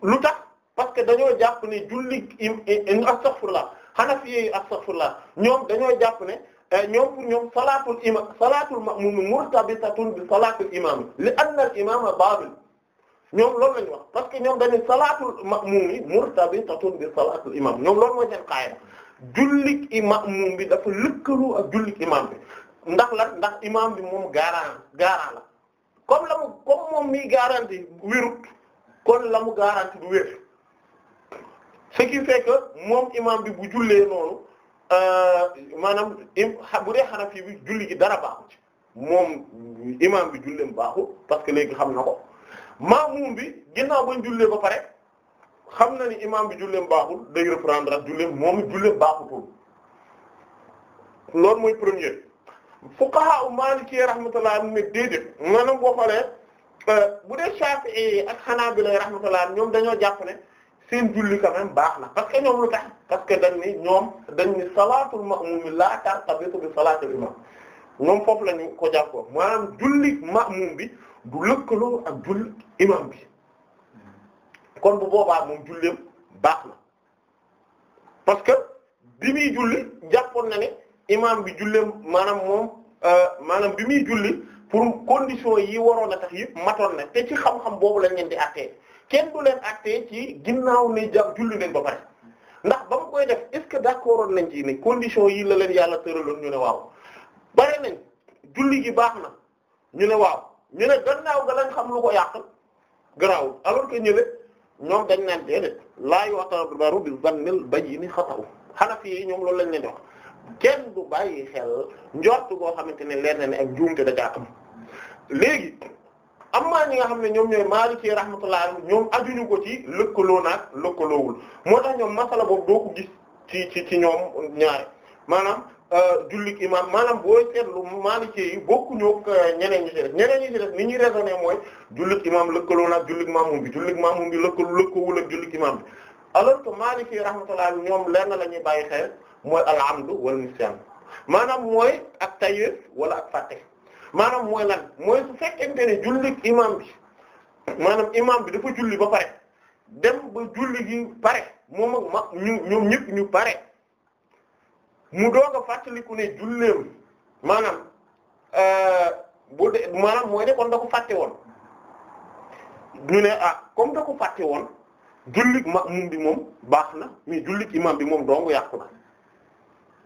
Speaker 2: lu tax parce que dañoo jàpp ne jullik im astaghfirullah Hanafi ñoom dañoo jàpp ne Eh, ñoom pour ñoom salaatul imam salaatul ma'mum murtabitatun bi salaatul imam li anna al imama babil ñoom loolu lañu wax parce que ñoom dañu salaatul ma'mum yi murtabitatun bi salaatul imam ñoom loolu mooy seen qaayam jullik imam bi dafa lëkkaloo ak jullik imam bi ndax la ndax imam bi moom garant garant la comme la mu comme moom mii garanti wérut kon la mu garanti du wér ce qui fait que moom imam bi bu jullee noonu Euh, maanaam bu dee Hanafi bi julli gi dara baaxu moom imam bi julleem baaxu parce que léegi xam na ko maamuum bi ginnaaw bañ jullee ba pare xam na ni imam bi julleem baaxul day reprendre ak julleem moom it julleem baaxutul loolu mooy premier fuqaha Maliki rahmatullah ne déedéet maanaam boo xoolee euh, bu dee Shafi'i ak Hanabila rahmatullah ñoom dañoo jàpp ne seen julli quand baax na parce que ñoom lu tax parce que dañ ni ñoom dañ ni salaatul ma'mum la tartabitu bi salaatil imam ñoom foofu la ñu ko jàppoo maanaam julli ma'mum bi du lëkkaloo ak julli imam bi kon bu boobaa moom julleem baax na parce que bi muy julli jàppoon na ne imam bi julleem maanaam moom euh, maanaam bi muy julli pour condition yi waroon a tax yëpp matoon na te ci xam-xam boobu lañ leen di attee kenn du leen acté ci ginnaaw ne jàpp julli nañ ba pare ndax ba mu koy def est ce que d'accord nañ ci ni condition yi la leen yàlla tëraloon ñu ne waaw bare nañ julli gi baax na ñu ne waaw ñu ne gannaaw ga lañ xam lu ko yàq garaawul alors que ñële ñoom dañ naan déedéet laa yu'tabaru bi zannil bayyin xata'u Hanafi yi ñoom loolu lañ leen di wax kenn du bàyyi xel njort goo xamante ne leer na ne ak njuumte da caa am léegi. amma ñi nga xam ne ñoom ñooy Maliki rahmatullah alayhi ñoom ajuñu ko ci lëkkaloo naag lëkkaloowul moo tax ñoom masala boobu doo ko gis ci ci ci ñoom ñaare maanaam euh, jullik imaam maanaam boo seetlu Maliki yi bokkuñu euh, ñeneen ñi ci def ñeneen ñi ci def ni ñuy raisonné mooy jullik imaam lëkkaloo naag jullik maamum bi jullik maamum bi lëkkaloo lëkkoowul ak jullik imaam bi alors que Maliki rahmatullah ñoom lenn la ñuy bàyyi xel mooy al amdu wal nisyan maanaam mooy ak tayeef wala ak fàtte. maanaam mooy lan mooy su fekkente ne julli imam bi maanaam imam bi dafa julli ba pare dem ba julli gi pare moom ak ma ñu ñoom ñëpp ñu pare mu doog a fàttaliku ne julleem maanaam euh, bu dee maanaam mooy de kon da ko fàtte woon ñu ne ah comme da ko fàtte woon jullit ma'mum bi moom baax na mi jullit imam bi moom dong yàqu na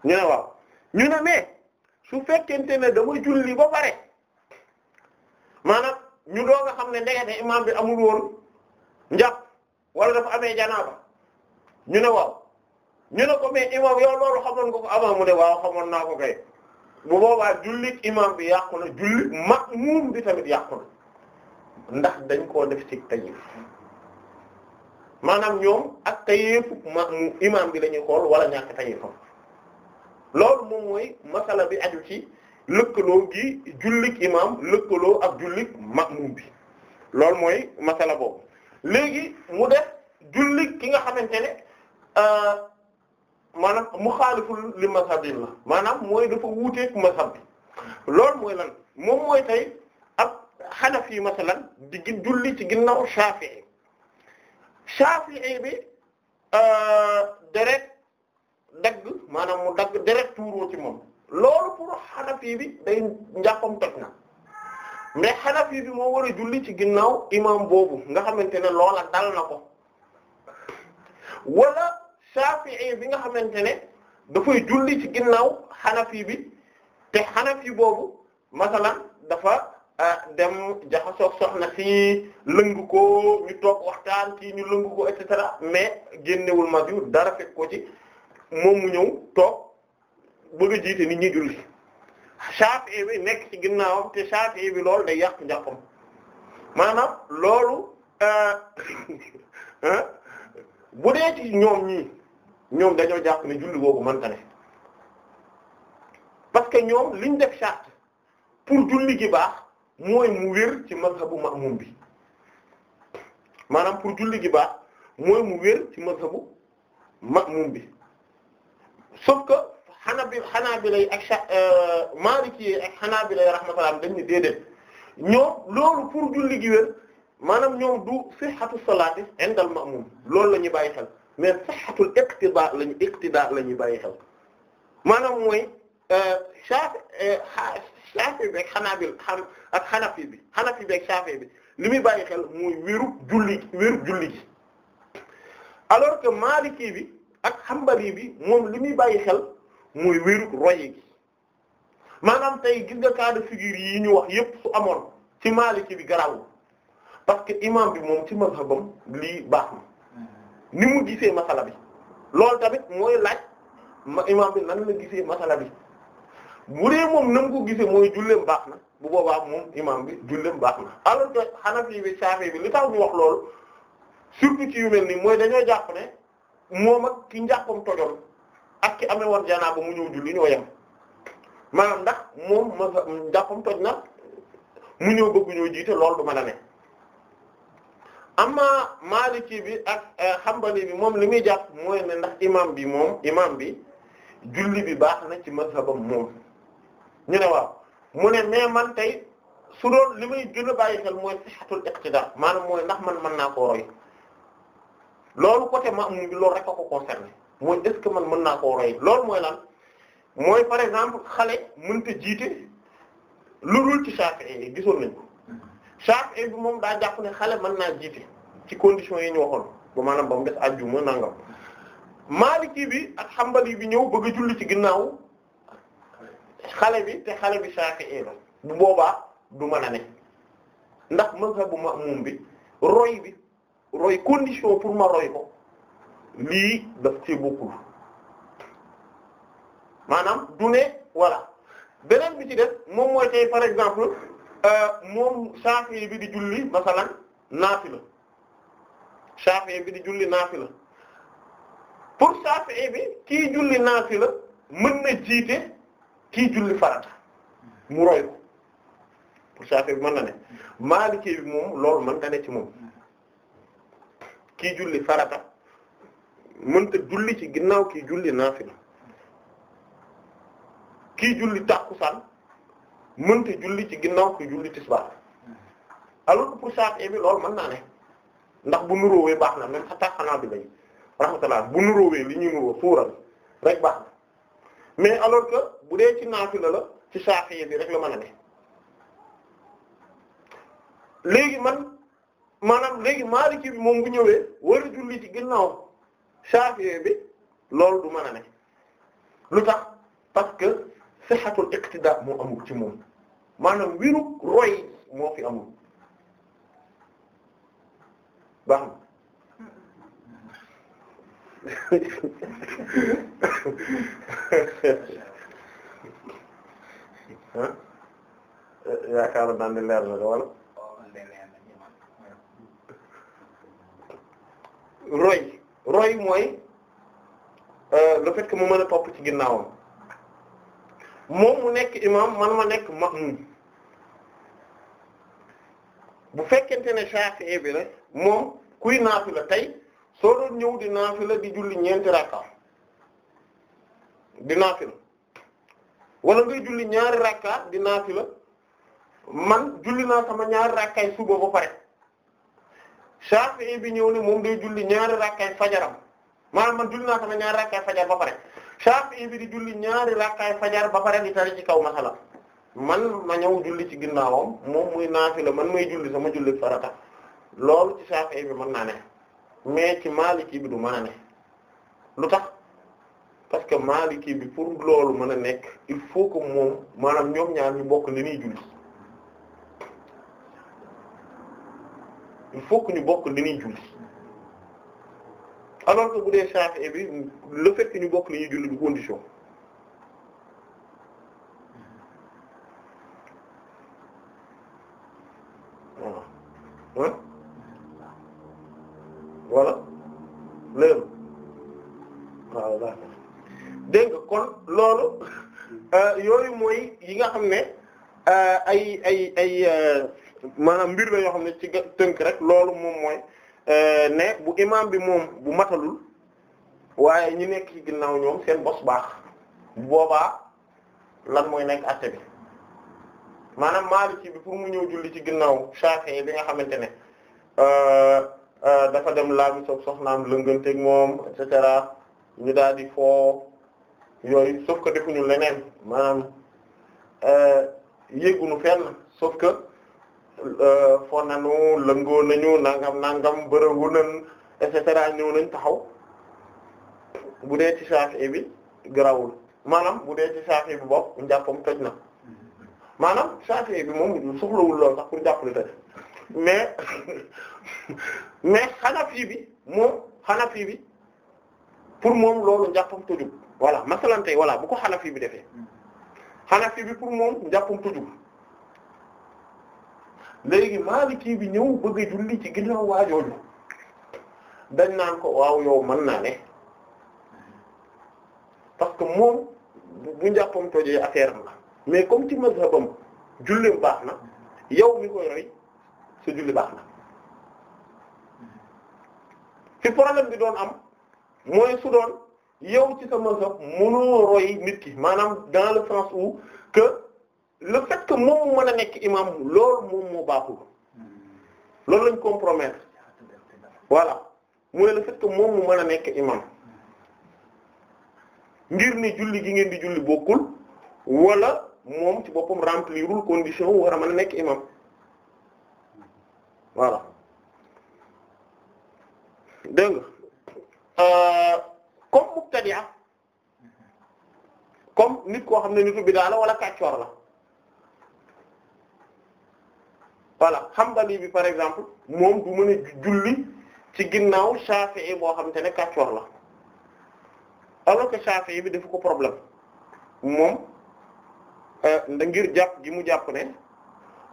Speaker 2: ñu ne waaw ñu ne mais su fekkente ne dama julli ba pare maanaam ñu doog a xam ne ndegete imaam bi amul woon njàpp wala dafa amee janaaba ñu ne waaw ñu ne ko mais imaam yow loolu xamoon nga ko avant mu ne waaw xamoon naa ko kay bu boobaa jullit imaam bi yàqu na jullit ma'muum bi tamit yàqu na ndax dañ koo def ci tayyif maanaam ñoom ak tayyifu ma imaam bi la ñuy xool wala ñàkk tayyifam loolu moom mooy masala bi aju ci lëkkaloo gi jullik imam lëkkaloo ak jullik ma'mum bi loolu mooy masala boobu léegi mu def jullik ki nga xamante ne euh, maanaam mu xaaliful li mazhabin la maanaam mooy dafa wuuteek mazhab bi loolu mooy lan moom mooy tey ab xanafi masalan di julli ci ginnaaw Shafi'i Shafi'i bi euh, direct dagg maanaam mu dagg deret tuuroo ci moom loolu pour xanafi bi day njàppam toj na mais xanafi bi moo war a julli ci ginnaaw imam boobu nga xamante ne loola dal na ko wala shafi'i bi nga xamante ne dafay julli ci ginnaaw xanafi bi te xanafi boobu masalan dafa ah, dem jaxasoo soxna si lëng ko ñu toog waxtaan ci ñu lëng ko et mais génnewul ma dara fekk ko ci moom mu ñëw toog bëgg a jiite nit ñi julli Shafi'i bi nekk ci ginnaawam te Shafi'i bi loolu day yàqu njàppam maanaam loolu euh, bu dee ci ñoom ñii ñoom dañoo jàpp ne julli googu mënta ne parce que ñoom liñ def charte pour julli gi baax mooy mu wér ci mazhabu ma'mum bi maanaam pour julli gi baax mooy mu wér ci mazhabu ma'mum bi sauf que xanaa bi xanaa bi lay ak cha euh, Maliki ak xanaa bi lay rahmatullah dañ ni déedéet ñoom loolu pour julli gi wér maanaam ñoom du sihhatu salaati indal ma loolu la ñuy bàyyi xel mais sihhatul iqtida lañu iqtida la ñuy bàyyi xel maanaam mooy euh, Shafi euh, Shafi bi ak Hanabil ak Hanafi bi Hanafi bi ak Shafi bi li muy bàyyi xel mooy wéru julli wéru julli gi alors que Maliki bi ak xambali bi moom li muy bàyyi xel mooy wérug roye gi maanaam tey gis nga cas de yi ñu wax yépp su amoon ci Maliki bi garaawul parce que imam bi moom ci mazhabam lii baax na ni mu gisee masala bi loolu tamit mooy laaj ma imam bi nan la gisee masala bi bu dee moom na ko gisee mooy julleem baax na bu boobaa moom imam bi julleem baax na alors que Hanafi bi Shafi bi li tax ñu wax lool surtout yu mel nii mooy dañoo jàpp ne moom ak ki njàppam tojoon ak ki amee woon janaaba mu ñëw julli ñoo yem maanaam ndax moom ma njàppam toj na mu ñëw bëgg ñoo jiite loolu du mën a ne amma Maliki bi ak eh, Hanbali bi moom li muy jàpp mooy ne ndax imam bi moom imam bi julli bi baax na ci mazhabam moom ñu ne waaw mu ne mais man tey su doon li muy gën a bàyyi xel mooy sihhatul iqtida maana mooy ndax man mën naa koo loolu côté maamum bi loolu rek a ko concerné mooy est-ce que man mën naa koo roy loolu mooy lan mooy par exemple xale mënta jiite lu dul ci Shafi'i yi gisoon nañ ko Shafi'i bi moom daa jàpp ne xale man naa jiite ci conditions yi ñu waxoon ba maanaam ba mu des àjjuma nangam Maliki bi ak Hanbali bi ñëw bëgg a ci ginnaaw xale bi te xale bi Shafi'i la bu boobaa du mën a ne ndax mazhabu maamum bi roy bi. roy condition pour ma roy ko lii daf ci bokkul maanaam du ne voilà beneen bi ci def moom mooy tey par exemple euh, moom Shafi'i bi di julli masalan naafila Shafi'i bi di julli naafila pour Shafi'i bi kii julli naafila mën na jiite kii julli farata mu roy ko pour Shafi'i bi mën na ne Maliki bi moom loolu mën na ne ci moom kii julli farata mënta julli ci ginnaaw kii julli naafila kii julli tàkkusaan mënta julli ci ginnaaw kii julli tisbaar alors que pour Shafi'i bi loolu mën naa ne ndax bu nuróowee baax na même xataa xanaa bi lañu rahmatullah bu nuróowee li ñuy nuróo suura bi rek baax na mais alors que bu dee ci naafila la ci Shafi'i bi rek la mën a ne léegi man maanaam léegi Maliki bi moom bu ñëwee war a julli ci ginnaaw Shafi'i bi loolu du mën a ne lu tax parce que sihhatul iqtida moo amul ci moom maanaam wiru roy moo fi amul baax na yaakaar naa ne leer na wala roy roy mooy euh, le fait que mu mën a topp ci ginnaawam moom mu nekk imam man ma nekk ma bu fekkente ne Shafi'i bi la moom kuy naafila tey soo doon ñëw di naafila di julli ñeenti rakka di naafila wala ngay julli ñaari rakka di naafila man julli naa sama ñaari rakkaay suba ba pare Shafi'i bi ñëw ne moom day julli ñaari rakkaay fajaram maanaam man julli naa sama ñaari rakkaay fajar ba pare Shafi'i bi di julli ñaari rakkaay fajar ba pare di tari ci kaw masala man ma ñëw julli ci ginnaawam moom muy naafila man may julli sama julli farata loolu ci Shafi'i bi mën naa ne mais ci Maliki bi du mën ne lu tax parce que Maliki bi pour loolu mën a nekk il faut que moom maanaam ñoom ñaar ñu bokk li ñuy julli il ñu bokk li ñuy julli alors que bu dee Shafi'i bi le fait ñu bokk li ñuy julli du condition voilà voilà léegi waaw daa dégg nga kon loolu euh, yooyu mooy yi nga xam ne euh, ay ay ay euh, maanaam mbir la yoo xam ne ci tënk rek loolu moom mooy euh, ne bu imaam bi moom bu matalul waaye ñi nekk ci ginnaaw ñoom seen bos baax boobaa lan mooy nekk àtte bi maanaam Maliki bi pour mu ñëw julli ci ginnaaw Shafi'i bi nga xamante ne euh, euh, dafa dem laami soog soxnaam lënganteeg moom et cetera ñu daal di foo yooyu sauf que defuñu leneen maanaam yéeguñu fenn sauf que Euh, fo nanu lëngoo nañu nangam nangam bërëngu nan et cetera ñëw nañ taxaw bu dee ci Shafi'i bi garawul maanaam bu dee ci Shafi'i bi bopp njàppam toj na maanaam Shafi'i bi moom soxlawul lool sax pour njàpp li toj mais mais Hanafi bi moom Hanafi bi pour moom loolu njàppam tojul voilà masalan tey voilà bu ko Hanafi bi defee Hanafi bi pour moom njàppam tojul léegi Maliki bi ñëw bëgg a julli ci ginnaaw waajooju dañ naan ko waaw yow man naa ne parce que moom bu njàppam tojee affaire am mais comme ci mazhabam jullim baax na yow mi koy roy sa julli baax na fi problème bi doon am mooy su doon yow ci sa mazhab mënoo roy nit ki maanaam dans le sens où que le fait que moom mën a nekk imam loolu moom moo baaxul loolu lañ compromettre voilà mu ne le fait que moom mu mën a nekk imam ngir ni julli gi ngeen di julli bokkul wala moom ci boppam remplirul condition war a mën a nekk imam voilà dégg nga euh, comme mubtadi'a comme nit koo xam ne nitu bidaa la wala kàccoor la voilà Hanbali bi par exemple moom du mën julli ci ginnaaw Shafi'i boo xamante ne kàccoor la alors que Shafi'i bi dafa ko problème moom euh, da ngir jàpp gi mu jàpp ne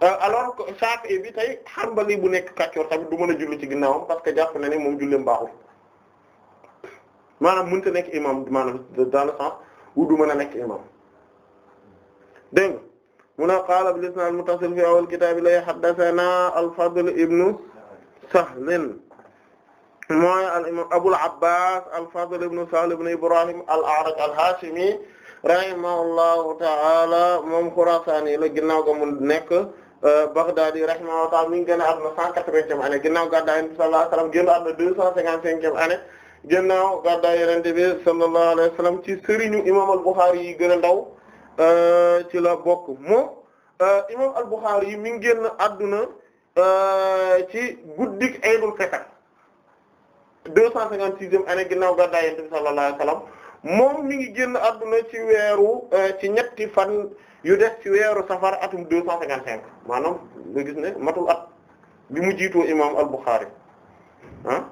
Speaker 2: euh, alors que Shafi'i bi tey Hanbali bu nekk kàccoor tamit du mën a julli ci ginnaawam parce que jàpp na ne moom julleem baaxul maanaam mënut a nekk imam maanaam dans le sens où du mën a nekk imam dégg mu ne qaala bil isnaad muttasil fi awwal kitaab lay haddasanaa al-Fadl ibnu Sahl mooy al-imaam Abul Abbaas al-Fadl ibnu Sahl ibnu Ibraahiim al-A'raj al-Haashimi rahimahullahu ta'aala moom Xuraasaani la ginnaaw ga mu nekk Bagdaadi rahimahullahu e année ginnaaw gàddaay Yonent bi sallallahu alayhi wa sallam génn àdduna 255e année ginnaaw gàddaay Yonent bi sallallahu alayhi wa sallam ci sëriñu imaam al-Buxaari yi gën ndaw. Euh, ci la bokk moom euh, imam al-Bukhari yi mi ngi génn adduna euh, ci guddik Aydul Fitr deux cent cinquante-sixième année ginnaaw gàddaay Yonent bi sallallahu alayhi wasallam moom mi ngi génn adduna ci weeru ci ñetti fan yu def ci weeru safar atum maanam cent cinquante gis ne matul at bi mu jiitoo imam al-Bukhari ah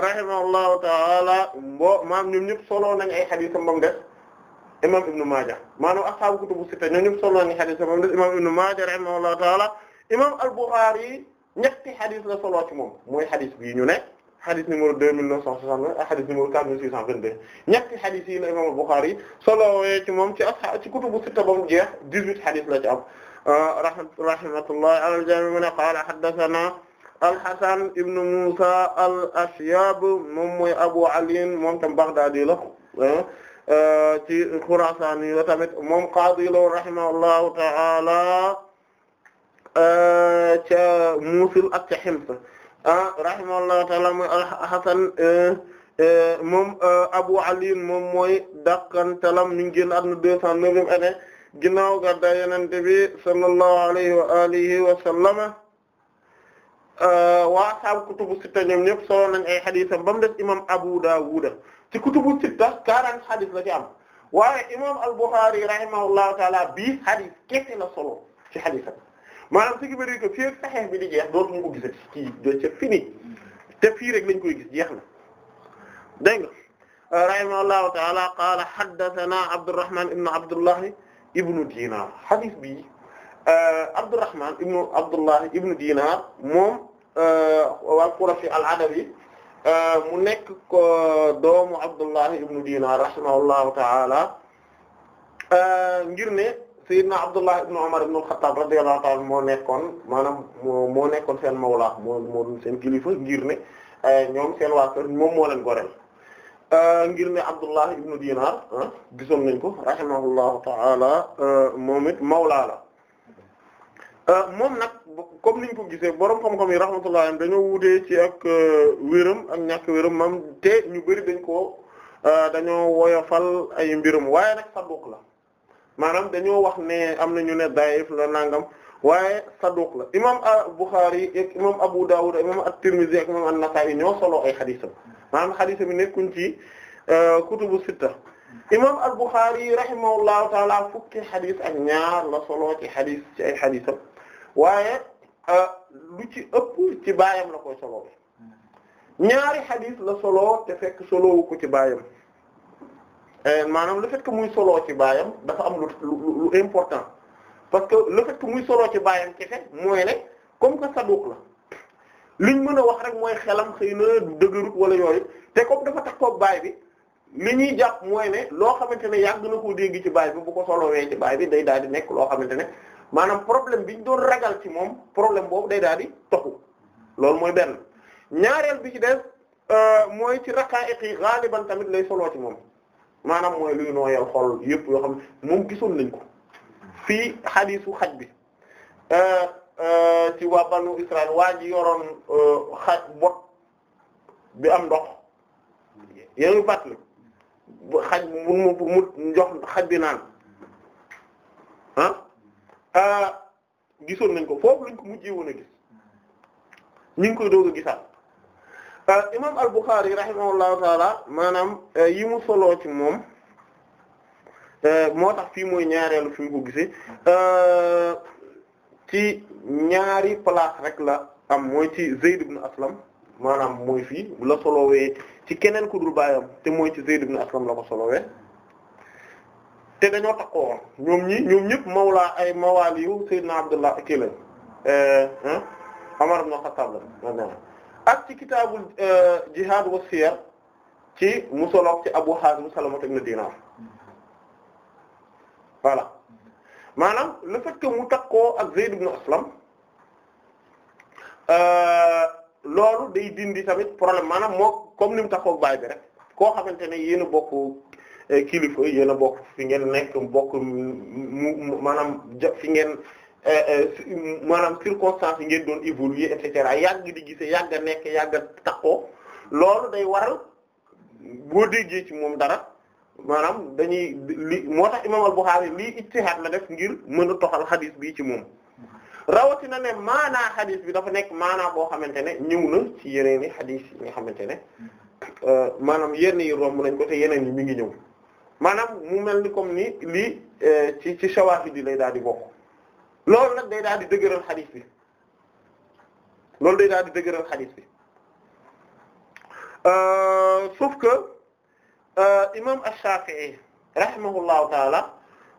Speaker 2: rahimahullahu taala mbo maam ñoom ñëpp solo nañ ay xadiisam bam des imam Ibn Maaja maanaam ashaabu kutubu sitta ñoo ñëpp solo ni xadis moom des imam Ibn Maaja rahimahullahu taala imam al-Bukhari ñetti xadis la solo ci moom mooy xadis bii ñu ne xadis numéro deux mille neuf cent soixante ak xadis numéro quatre mille six cent vingt-deux ñetti xadis yi la imam al-Bukhari solowee ci moom ci asha ci kutubu sitta ba mu jeex dix-huit xadis la ci am rahmatullahi ala al-jami' mu ne qaala haddathana al-Hasan ibn Musa al-Ashyab moom mooy Abu Ali moom tam Baghdadi la Euh, ci Xurasaan yi la tamit moom qaadi la rahimahullahu ta'ala euh, ca Muusil ak ca Hims ah rahimahullahu ta'ala mooy Hasan euh, moom Abu Ali moom mooy dàqantalam mi ngi génn àdduna deux cent neuvième année ginnaaw gàddaay Yonent bi sallallahu alayhi wa alihi wa sallama Euh, waa ashaabu kutubu sitta ñoom ñëpp solo nañ ay xadisam ba mu des imam Abu Dawud ci kutubu sitta 40 xadis la ci waaye imam al-Bukhari rahimahullahu taala bii xadis kese la solo ci xadisam maanaam ce qui veut dire que fii Sahih bi di jeex dootuñu ko gisati ci ci fini fii rek lañ koy gis jeex na dégg nga euh, rahimahullahu taala qaala haddathana Abdurrahman ibn Abdullahi ibnu Dinar xadis Euh, wal Qurashi al-Adawi euh, mu nekk ko doomu Abdullah ibn Dinar rahimahullahu ta'ala euh, ngir ne Sayyidina Abdullah ibn Umar ibn al-Khattab moo nekkoon maanaam moo nekkoon seen mawla moo moo seen kilifa ngir ne ñoom seen waa moo leen goreel ngir ne Abdullah ibn Dinar ah, gisoon nañ ko rahimahullahu ta'ala moom it mawla Euh, moom nag comme niñ ko gisee borom xam-xam yi rahmatullah am dañoo wutee ci ak euh, wéram ak ñàkk wéram mam te ñu bëri dañ ko euh, dañoo woyofal ay mbirum waaye nag saduq la maanaam dañoo wax ne am na ñu ne daif la nangam waaye saduq la imam Bukhari ak imam Abu Dawud imam at-Tirmidhi ak imam an-Nasa'i ñoo solo ay xadisam maanaam xadisam yi nekkuñ ci kutubu sitta imam al-Bukhari rahimahullahu taala fukki xadis ak ñaar la solo ci xadis ci ay xadisam waaye euh, lu ci ëpp ci baayam la koy solo ñaari xadis la solo te fekk solowu ko ci baayam euh, maanaam le fait que muy solo ci baayam dafa am lu important parce que le fait muy solo ci baayam ci fekk mooy ne comme que saduq la liñ mën a wax rek mooy xelam xëy na dëgërut wala yooyu te comme dafa tax koog baay bi li ñuy jàpp mooy ne loo xamante ne yàgg na koo dégg ci baay bi bu ko solowee ci baay bi day daal di nekk loo xamante ne maanaam problème bi ñu doon ragal ci moom problème boobu day daal di toxu loolu mooy benn ñaareel bi ci des euh, mooy ci raqaa'iq yi gaaliban tamit lay soloo ci moom maanaam mooy luy nooyal xool yëpp yoo xam ne moom gisoon nañ ko fii xadiisu xaj bi euh, euh, ci waa banu Israël waa ji yoroon xaj bot bi am ndox yaa ngi fàttali xaj mu mu jox xaj bi naan Ah, gisoon nañ ko foofu lañ ko mujjee woon a gis ñu ngi koy doog a gisaat ah, imam al-Bukhari rahimahullahu taala maanaam eh, yi mu soloo ci moom eh, moo tax fii mooy ñaareelu fi mu ko gisee ah, ci ñaari place rek la am mooy ci Zayd ibn Aslam maanaam mooy fii la solowee ci keneen ku dul baayam te mooy ci Zayd ibn Aslam la ko solowee te dañoo takkoo woon ñi ñoom ñëpp mawla ay mawaali yu Seydina Abdullah kii eh, ak ci kitaabul eh, jihaad wa ci musoloog ci Abu Hazim Salama ibn Dinar voilà maanaam la fait que mu takkoo ak Zayd ibn Aslam eh, loolu day dindi tamit problème maanaam moo comme ni mu takkoo baay bi rek koo xamante ne yéen bokk. Eh, kilifa yéen a bokk fi ngeen nekk bokk mu maanaam ja fi ngeen eh, eh, maanaam circonstance yi ngeen doon évoluer et cetera yàgg di gise yàgg a nekk yàgg a takkoo loolu day waral boo déggee ci moom dara maanaam dañuy li moo tax imam al-Bukhari lii ijtihaad la def ngir mën a toxal xadis bii ci moom rawatina ne maanaa xadis bi dafa nekk maanaa boo xamante ne ñëw na ci yeneen i xadis yi nga xamante ne maanaam yenn yi romb nañ ko te yeneen yi mi ngi ñëw maanaam mu mel ni comme ni lii eh, ci ci shawaahid yi lay daal di bokk loolu nag day daal di dëgëral xadis bi loolu day daal di dëgëral xadis bi euh, sauf que euh, imam Ash-Shafi'i rahimahullahu taala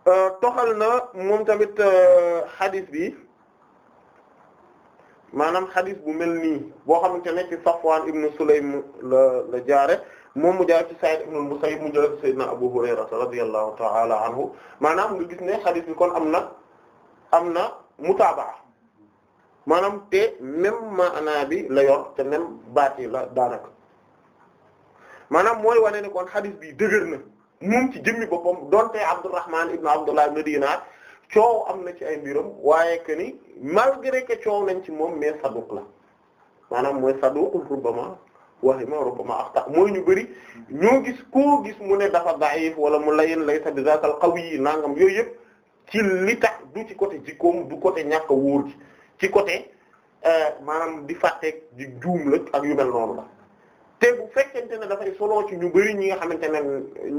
Speaker 2: euh, toxal na moom tamit xadis bi maanaam xadis bu mel nii boo xamante ne ci Safwan ibn Sulaym la la jaare moom mu jaar ci Saïd ibn al-Musayyib mu jaar ci Sayyidina Abu Hurayra radiyallahu ta'ala anhu maanaam nga gis ne hadith bi kon am na am na mutaabaa maanaam te même maanaa bi la yor te même baat yi la daanaka maanaam mooy wane ne kon hadith bi dëgër na moom ci jëmmi boppam donte Abdurrahman ibn Abdullah ibn Dinar coow am na ci ay mbiram waaye que ni malgré que coow nañ ci moom mais saduq la maanaam mooy saduqul rubbama wahima rubbama axta mooy ñu bëri ñoo gis koo gis mu ne dafa da'if wala mu layin laysa bi zaakal qawi nangam yooyu yëpp ci li tax du ci côté jikkoom du côté ñàkk a wóor gi ci côté euh, maanaam di fàtteeg di juum la ak yu mel noonu la te bu fekkente ne dafay solo ci ñu bëri ñi nga xamante ne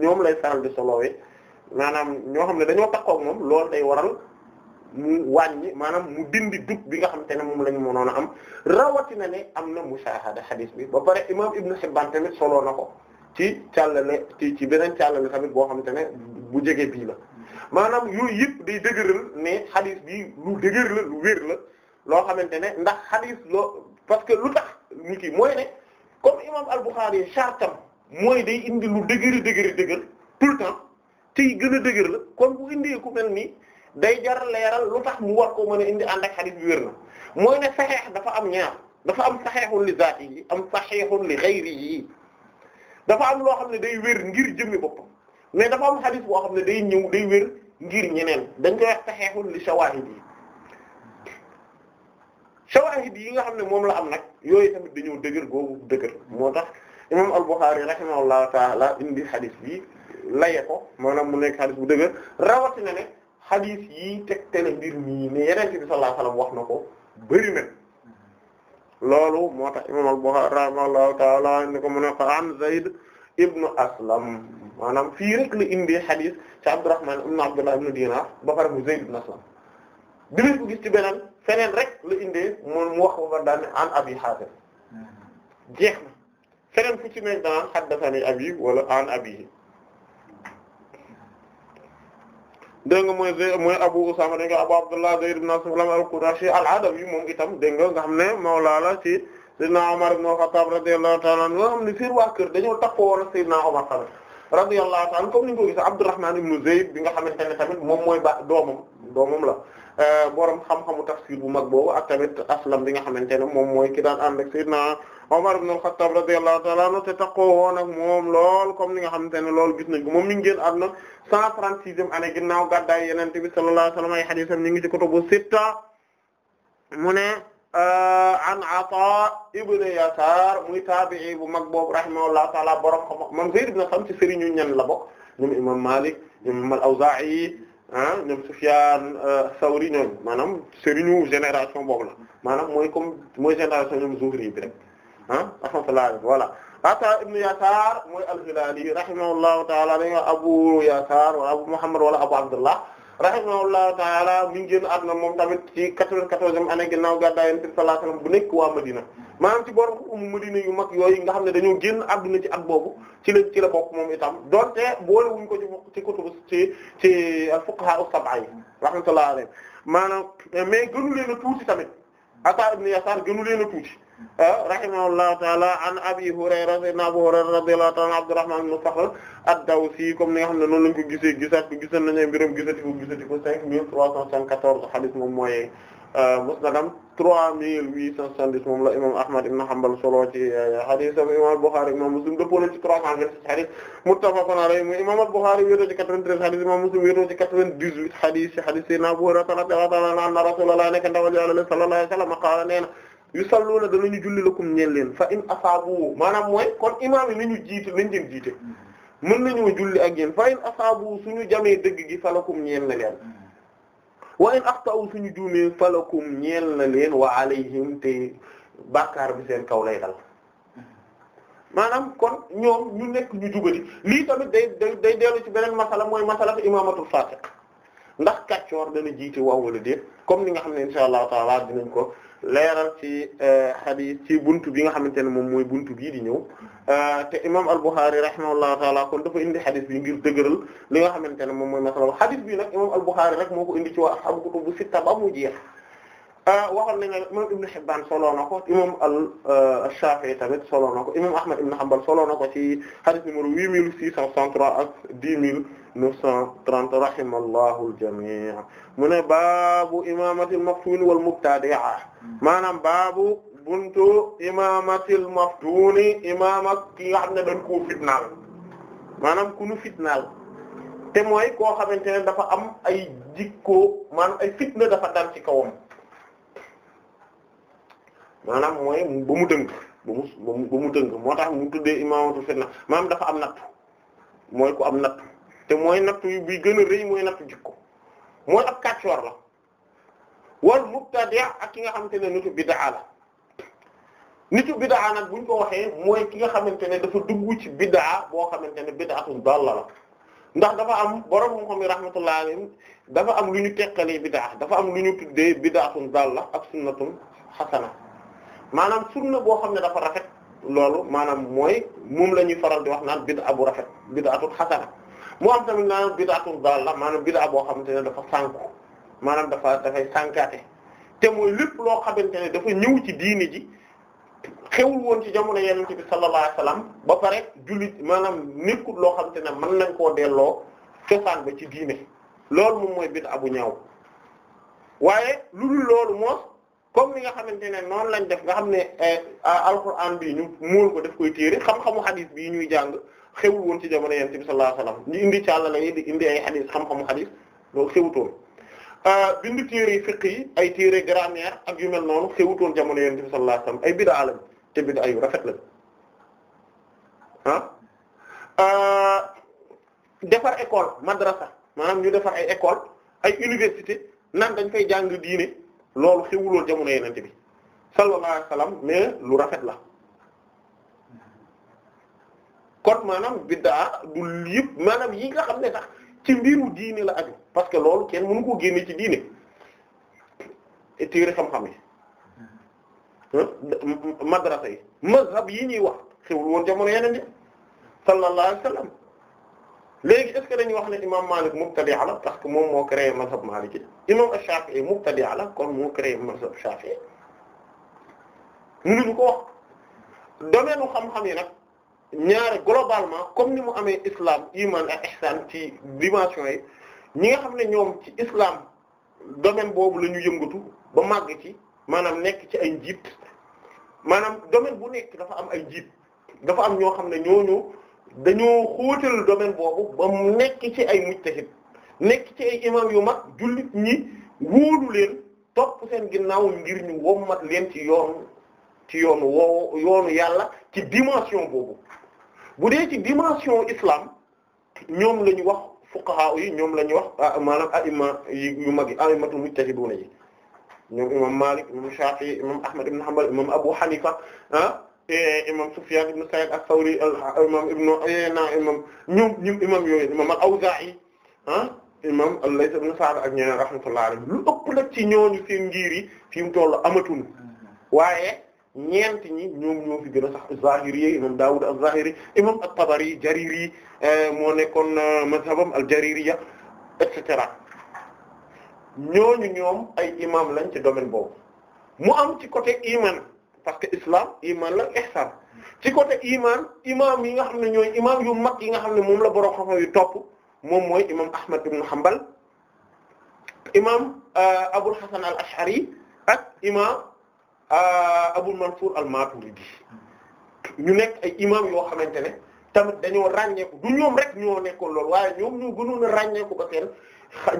Speaker 2: ñoom lay faral di solowee maanaam ñoo xam ne dañoo takkook moom loolu day waral mu wàññi maanaam mu dindi dug bi nga xamante ne moom la ñu mënoon a am rawatina ne am na mu mushahada hadis bi ba pare imaam Ibn Hibban tamit soloo na ko ci càllale ci ci beneen càllale tamit boo xamante ne bu jege bii la maanaam yooyu yëpp day dëgëral ne hadis bi lu dëgër la lu wér la loo xamante ne ndax hadis loo parce que lu tax ñu kii mooy ne comme imaam yi bukhari chartam mooy day indi lu dëgër dëgër dëgër tout le temps te gën a dëgër la kon bu indee ku nii day jar leeral lu tax mu war ko mën a indi ànd ak hadith bi wér na mooy ne saxeex dafa am ñaar dafa am saxeexun li zaati am saxeexun li xayri yi dafa am loo xam ne day wér ngir jëmmi boppam mais dafa am hadith boo xam ne day ñëw day wér ngir ñeneen dañ koy wax saxeexun li shawaahid yi shawaahid yi nga xam ne moom la am nag yooyu tamit ñëw dëgër googu dëgër moo tax imam al-Bukhari rahimahullahu taala indi hadith bi laye ko maanaam mu nekk hadith bu dëgër rawatina ne. xadis yi tegtale mbir mii ne yeneen bi sallallahu alayhi wasallam wax na ko bëri na loolu moo tax imam al-Bukhari rahimahullahu taala ni ko mu ne ko an Zayd Aslam maanaam fii rek la indi xadis ci Abdurrahman ibnu Abdullah ibnu Dinar ba pare mu Zayd Aslam dinañ ko gis ci beneen feneen rek la indee moom mu wax ba pare an Abi Haazim hmm. jeex na feneen fu ci ne daan haddathani abi wala an abihi dégg nga mooy mooy Abu Usama dégg nga Abu Abdullah Zayd ibn Aslam al-Qurashi al-Adawi moom itam dégg nga nga xam ne mawla la ci Seydina Omar ibn al-Khattab radiyallahu ta'ala anhu nga xam ne seen waa kër dañoo takkoo woon Seydina Omar comme ni ñu ko gis Abdurrahman ibn Zayd bi nga xamante ne tamit moom mooy ba doomam doomam la euh, borom xam-xamu tafsir bu mag boobu ak tamit Aslam bi nga xamante ne moom mooy ki daan ànd ak Omar ibn al-Khattab radiyallahu ta'ala anhu te takkoo woon ak moom lool comme ni nga xamante ne loolu gis nañ ko moom mi ngi génn àdduna 136e année ginnaaw gàddaay Yonent bi sallallahu alayhi wa sallam ay hadiisam ñu ngi ci kutubu sitta mu ne euh, an Ata ibn Yasar muy taabi'i bu mag boobu rahimahullahu ta'ala borom xam man Zayd ibn Xam ci sëriñu ñan la bokk ñoom imam Malik ñoom imam al-Awza'i ah ñoom Sufyan euh, Sawri ñoom maanaam sëriñu génération boobu la maanaam mooy comme mooy génération ñoom Zuhri bi rek ah alhamdulilah voilà Ata ibnu Yasaar mooy al-Hilaali rahimahullahu taala dañu Abu Yasaar wala Abu Muhammad wala Abu Abdullah rahimahullahu taala mi ngi génn àdduna moom tamit ci quatre-vingt-quatorzième année ginnaaw gàddaay Yonent bi sallallahu alayhi wasallam nekk waa Madina maanaam ci borom umu Madina yu mag yooyu nga xam ne dañoo génn àdduna ci at boobu ci la ci la bokk moom itam donte boole wuñ ko ci ci kutubu ci ci al-fuqaha as-sab'a yi rahmatullahi alayhim maanaam mais gënu leen a tuuti tamit Ata ibnu Yasaar gënu leen a tuuti. Ah, rahimahullahu taala an abi hurayra sayyidina abu hurayra radiyallahu taala abdurrahman ibn Sakhr ad-dawsi comme ni nga xam ne noonu lañ ko gisee gisaat ko gisan nañu mbirum gisati ko gisati ko cinq mille trois cent soixante-quatorze hadith moom mooy ah, musnadam trois mille huit cent soixante-dix moom la imam ahmad ibn hanbal solo ci eh, hadith am imam al-bukhari imam muslim dëppoo na ci trois cent vingt-six hadith muttafaqun alayhi mu imam al-bukhari wéetoo ci quatre-vingt-treize hadith imam muslim wéetoo ci quatre-vingt-dix-huit hadith hadith sayyidina abu hurayra radiyallahu taala anhu anna rasulullah nekk ndawal yàlla sallallahu alayhi wa sallam qaala nee na yu salluuna ñu julli lakum ñeel leen fa in asaabu maanaam mooy kon imaam yi nañu jiite nañ leen jiite mën nañoo julli ak yéen fa in asaabu suñu jamee dëgg gi falakum ñeel na leen wa in axta'u suñu juumee falakum ñeel na leen wa alayhim te bàkkaar bi seen kaw lay dal maanaam kon ñoom ñu nekk ñu jubali lii tamit day day day dellu ci beneen masala mooy masala fi imaamatul fasiq ndax kàccoor dana jiite waaw wala déet comme ni nga xam ne insha allahu taala dinañ ko leeral ci euh, hadith ci buntu bi nga xamante ne moom mooy buntu bii di ñëw euh, te imam al-Bukhari rahimahullahu taala kon dafa indi hadith bi ngir dëgërël li nga xamante ne moom mooy masala hadith bi nag imam al-Bukhari rek moo ko indi ci wax waa ashabu kutubu sitta ba mu jeex Euh, waxoon nañ ne imam Ibn Hibban solo na ko imam al-Shafi'i euh, tamit solo na ko imam Ahmad ibn Hanbal solo na ko ci hadith numéro 8663 ak 10930 rahimallahu al-jami' mu ne baabu imamatil maftun wal mubtadi'a maanaam baabu buntu imamatil maftuni imam ak ki nga xam ne dañ koo fitnaal maanaam ku nu fitnaal te mooy koo xamante ne dafa am ay jikko maanaam ay fitna dafa dal ci kawam maanaam mooy ba mu dëng ba mu ba dëng moo tax mu tuddee imaamatu fitna maanaam dafa am nattu mooy ku am nattu te mooy nattu bi gën a rëy mooy nattu jikko mooy ab kàccoor la wal mubtadi' ak ki nga xamante ne nitu bid'a la nitu bid'a nag buñ ko waxee mooy ki nga xamante ne dafa dugg ci bid'a boo xamante ne bid'atun dalla la ndax dafa am borom moom xam ne rahmatullahi alayhi dafa am lu ñu teqalee bid'a dafa am lu ñu tuddee bid'atun dalla ak sunnatun hasana maanaam sunna boo xam ne dafa rafet loolu maanaam mooy moom la ñuy faral di wax naan bid'a bu rafet bid'atun hasana mu am tamit naan bid'atun dalla maanaam bid'a boo xamante ne dafa sànku maanaam dafa dafay sànkaate te mooy lépp loo xamante ne dafa ñëw ci diini ji xewul woon ci jamono yonent bi sallallahu alayhi ba pare jullit maanaam nekkul loo xamante ne mën nañ koo delloo cosaan ba ci diine loolu moom mooy bid'a abu ñaaw waaye lu dul loolu moos comme ni nga xamante ne noonu lañ def nga xam ne eh, alxuraan bi ñu muul ko def koy tiire xam-xamu xadis bii ñuy jàng xewul woon ci jamono yonent bi sallallahu alayhi wasallam ñu indi càlla la di indi ay xadis xam-xamu xadis loolu xewutoon eh, bind téere yi fiqh yi ay téere grammaire ak yu mel noonu xewutoon jamono yonent bi sallallahu alayhi ay bid'a lañ te bid'a yu rafet lañ ah eh, defar école madrasa maanaam ñu defar ay école ay université nan dañ fay jàng diine loolu xewulool jamono yenente bi sallallahu alayhi wasallam mais lu rafet la kon maanaam biddaa du yëpp maanaam yi nga xam ne sax ci mbiru diine la aju parce que loolu kenn mënu koo génne ci diine téere xam-xam yi madrasa yi mazhab yi ñuy wax xewul woon jamono yeneen bi sallallahu alayhi léegi est ce que dañuy wax ne imam Malik mubtadi'a la parce que moom moo créé mazhab Maliki imam Shafi'i mubtadi'a la kon moo créé mazhab Shafi'i mënuñu ko wax domaine u xam-xam yi nag ñaare globalement comme ni mu amee islam iman ak ihsan ci dimension yi ñi nga xam ne ñoom ci islam domaine boobu la ñu yëngatu ba màgg ci maanaam nekk ci ay njiit maanaam domaine bu nekk dafa am ay njiit dafa am ñoo xam ne ñooñu dañoo xóotal domaine boobu ba mu nekk ci ay mujtahid nekk ci ay imam yu mag jullit ñi wóolu leen topp seen ginnaaw ngir ñu wommat leen ci yoon ci yoonu woowu yoonu yàlla ci dimension boobu bu dee ci dimension islam ñoom la wax fuqaha yi ñoom la ñu wax ah, maanaam a'imma yu mag yi a'immatul mujtahiduna yi ñoom imam Malik imam Shafi'i imam Ahmad ibn Hanbal imam Abu Hanifa ah, Eh, imam Sufyan ibn Sa'id ath-Thawri imam ibn Uyayna imam ñoom ñoom imam yooyu imam al-Awza'i ah, imam al-Layth ibn Sa'd ak rahmatullahi alayhi lu ëpp ci ñooñu seen yi fi mu toll amatuñu waaye ñeent ñi ñoom ñoo fi gën a sax Zahiri yi imam Dawud az imam at-Tabari Jariri eh, moo nekkoon eh, mazhabam al-Jaririyya et cetera ñooñu ñoom ay imam lañ ci domaine boobu mu am ci côté iman parce que islam iman la ihsan ci côté iman imam yi nga xam ne ñooy imam yu mag yi nga xam ne moom la borom xam yu topp moom mooy imam Ahmad ibn Hanbal imam euh, Abul Hasan al Ash'ari ak imam euh, Abul Mansur al Maturidi ñu nekk ay imam yoo xamante ne tamit dañoo ràññeeku du ñoom rek ñoo nekkoon loolu waaye ñoom ñoo gënoon a ràññeeku ba seen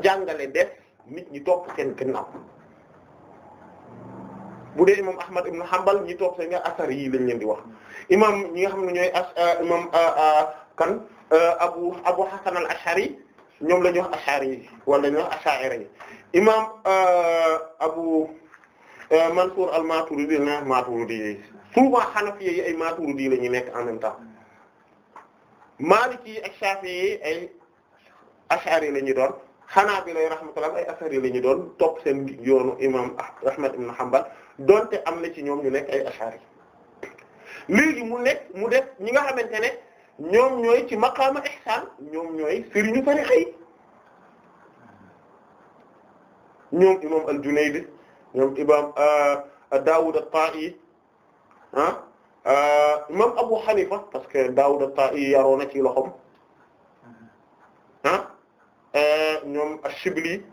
Speaker 2: jàngale def nit ñi topp seen gannaaw bu dee imam ahmad ibn hanbal ñi toog seen nga asar yi lañ leen di wax imam ñi xam ne ñooy as euh, imam euh, euh, kan abu abu hasan la ñuy wax yi wala ñu wax ashaira yi imam abu mansour al maturidi la maturidi yi souvent ay maturidi la ñu nekk en même temps maliki yi ak ay ashari la ñu doon xanaa bi lay rahmatullah ay asari la ñu doon topp seen yoonu imam ahmad ibn hanbal donte am na ci ñoom ñu nekk ay ashari léegi mu nekk mu def ñi nga xamante ne ñoom ñooy ci maqaama ihsan ñoom ñooy sëriñu tarixa yi ñoom imam al-Junaydi ñoom imam euh, Daawud at-Ta'i ah euh, imam Abu Hanifa parce que Daawud at-Ta'i yaroo na ci loxoom ah euh, ñoom ash-Shibli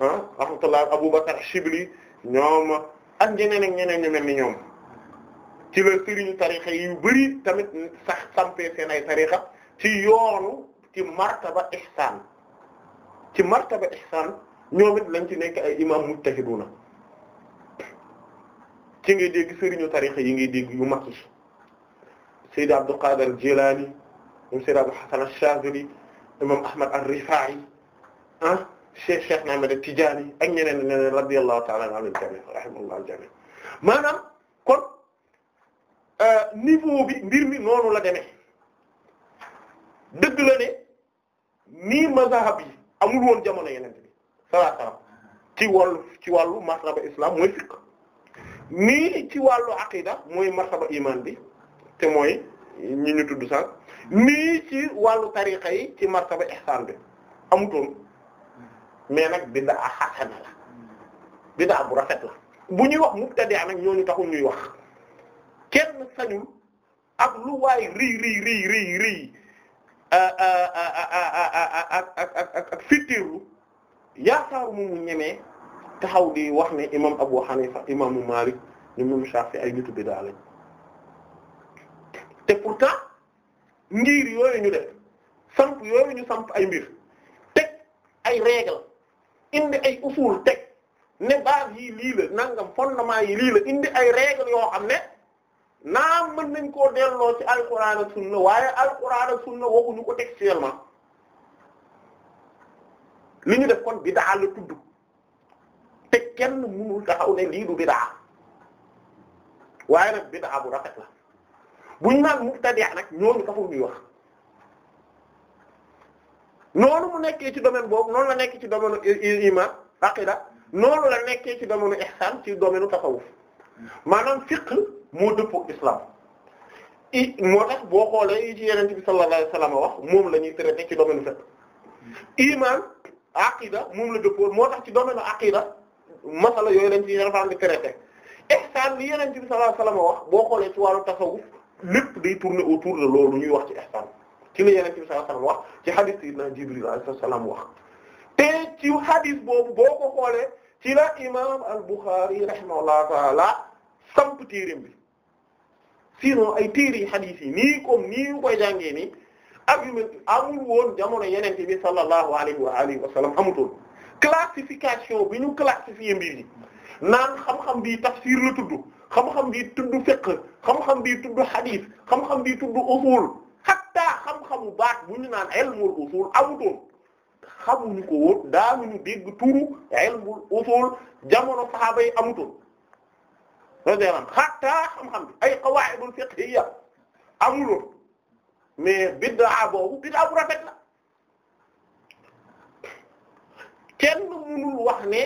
Speaker 2: ah rahmatullah Abu Bakr ash-Shibli ñoom ak ñeneen ak ñeneen ñu mel ni ñoom ci la sëriñu tarixa yu bari tamit sax sampee seen ay tarixa ci yoonu ci martaba ihsaan ci martaba ihsaan ñoom it lañ ci nekk ay imam mujtahiduna ci ngay dégg sëriñu tarixa yi ngay dégg yu mag yi Sayyid Abdul Qadir Jilani moom Sayyid Abul Hasan Ash-Shadhili imam Ahmad Ar-Rifa'i ah Cheikh Cheikh Ahmed Tidiane ak ñeneen ñeneen radiyallahu ta'ala anhum jami rahimahullah jami maanaam kon euh, niveau bi mbir mi noonu la demee dëgg la ne nii mazahab yi amul woon jamono yeneen bi sallallahu alayhi ci wàllu ci wàllu martaba islam mooy fiqh nii ci wàllu aqida mooy martaba iman bi te mooy ñi ñu tudd sax nii ci wàllu tariqa yi ci martaba ihsan bi amutoon mais nag bid'a hasana la bid'a bu rafet la bu ñuy wax mubtadi nag ñooñu taxul ñuy wax kenn sañul ak lu waay rii rii rii rii rii ak ak ak ak fittiru yaakaaru mu mu ñemee taxaw di wax ne imam Abu Hanifa imaamu Malik ñu moom Shafi ay nitu bid'a lañ te pourtant ngir yooyu ñu def samp yooyu ñu samp ay mbir teg ay règle indi ay usul teg ne base yi lii la nangam fondement yi lii la indi ay règle yoo xam ne naam mën nañ koo delloo ci alquran ak sunna waaye alquran ak sunna waxuñu ko textuellement li ñu def kon bid'a la tudd te kenn mënul taxaw ne lii du bid'a waaye nag bid'a bu rafet la buñ naan mubtadi' nag ñooñu taxul ñuy wax. noonu mu nekkee ci domaine boobu noonu la nekkee ci domaine iman aqida noonu la nekkee ci domaine ihsan ci domaine tasawuf maanaam fiq moo dëppoo islam i moo tax boo xoolee yi ci yenente bi sallallahu alayhi wasallam wax moom la ñuy traité ci domaine fiqh iman aqida moom la dëppoo moo tax ci domaine aqida masala yooyu lañ ci yenefaan di traité ihsan li yenente bi sallallahu alayhi wasallam wax boo xoolee ci wàllu tasawuf lépp day tourner autour de loolu ñuy wax ci ihsan ci la yeneen ci bi sallallahu alayhi wasallam wax ci hadith sayyidina Jibril alayhi salaam wax te ci hadith boobu boo ko xoolee ci la imam al-Bukhari rahimahullah taala samp téereem bi sinon ay téere yi hadith yi nii comme nii ñu koy jàngee nii ak yu mel amul woon jamono yeneen ci bi sallallahu alayhi wa alihi wa classification bi ñu classifié mbir yi naan xam-xam bi tafsir la tudd xam-xam bi tudd fiqh xam-xam bi tudd hadith xam-xam bi tudd usul hatta xam-xamu baax bu ñu naan ilmul usul amutoon xamuñu ko woon daanuñu dégg turu ilmul usul jamono saxaaba yi amutoon radiyallahu xatta xam-xam ay qawaa'idul fiqhiyya amuloon mais biddaa boobu biddaa bu rafet la kenn mënul wax ne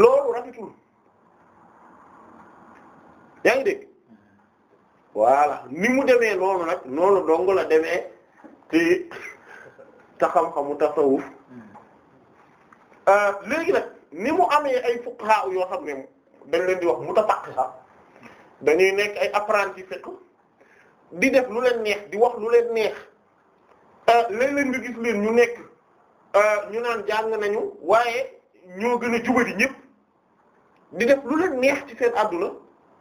Speaker 2: loolu rafetul yaa ngi dégg voilà ni mu demee noonu nag noonu dong la demee ci ta xam-xamu tasawuf euh, léegi nag ni mu amee ay fuqaha yoo xam ne dañ leen di wax mu mutafaqqiha dañuy nekk ay apprenti fiqh di def lu leen neex di wax lu leen neex euh, léeg-léeg nga gis leen ñu nekk euh, ñu naan jàng nañu waaye ñoo gën a jubadi ñépp di def lu leen neex ci seen àdduna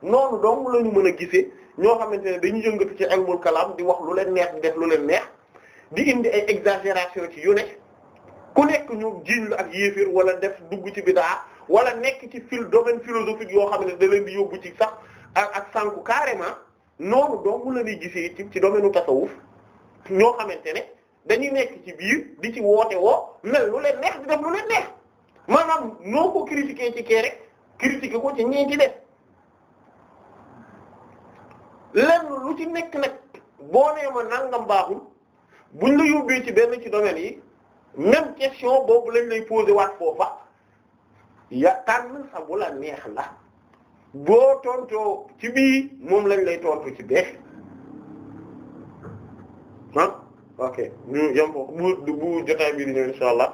Speaker 2: noonu dong la ñu mën a gisee ñoo xamante ne dañuy yëngatu ci ilmul kalam di wax lu leen neex di def lu leen neex di indi ay exagération ci yu ne ku nekk ñu jiiñ la ak yéefir wala def dugg ci bidaa wala nekk ci fil domaine philosophique yoo xam ne da leen di yóbbu ci sax ak ak sànku carrément noonu la ñuy gisee ci ci domaine u tasawuf ñoo xamante ne dañuy nekk ci biir di ci woote woo mel lu leen neex di def lu leen neex maanaam noo ko critiquer ci kii rek critiquer ko ci ñi ci lenn lu ci nekk nag boo nee ma nangam baaxul buñ la yóbbee ci benn ci domaine yi même question boobu lañ lay poser waat foofa ya tànn sa bu la neex la boo tontoo ci bii moom lañ lay tontu ci bee ah ok ñu yem foofu bu bu jotaay bi di ñëw insha allah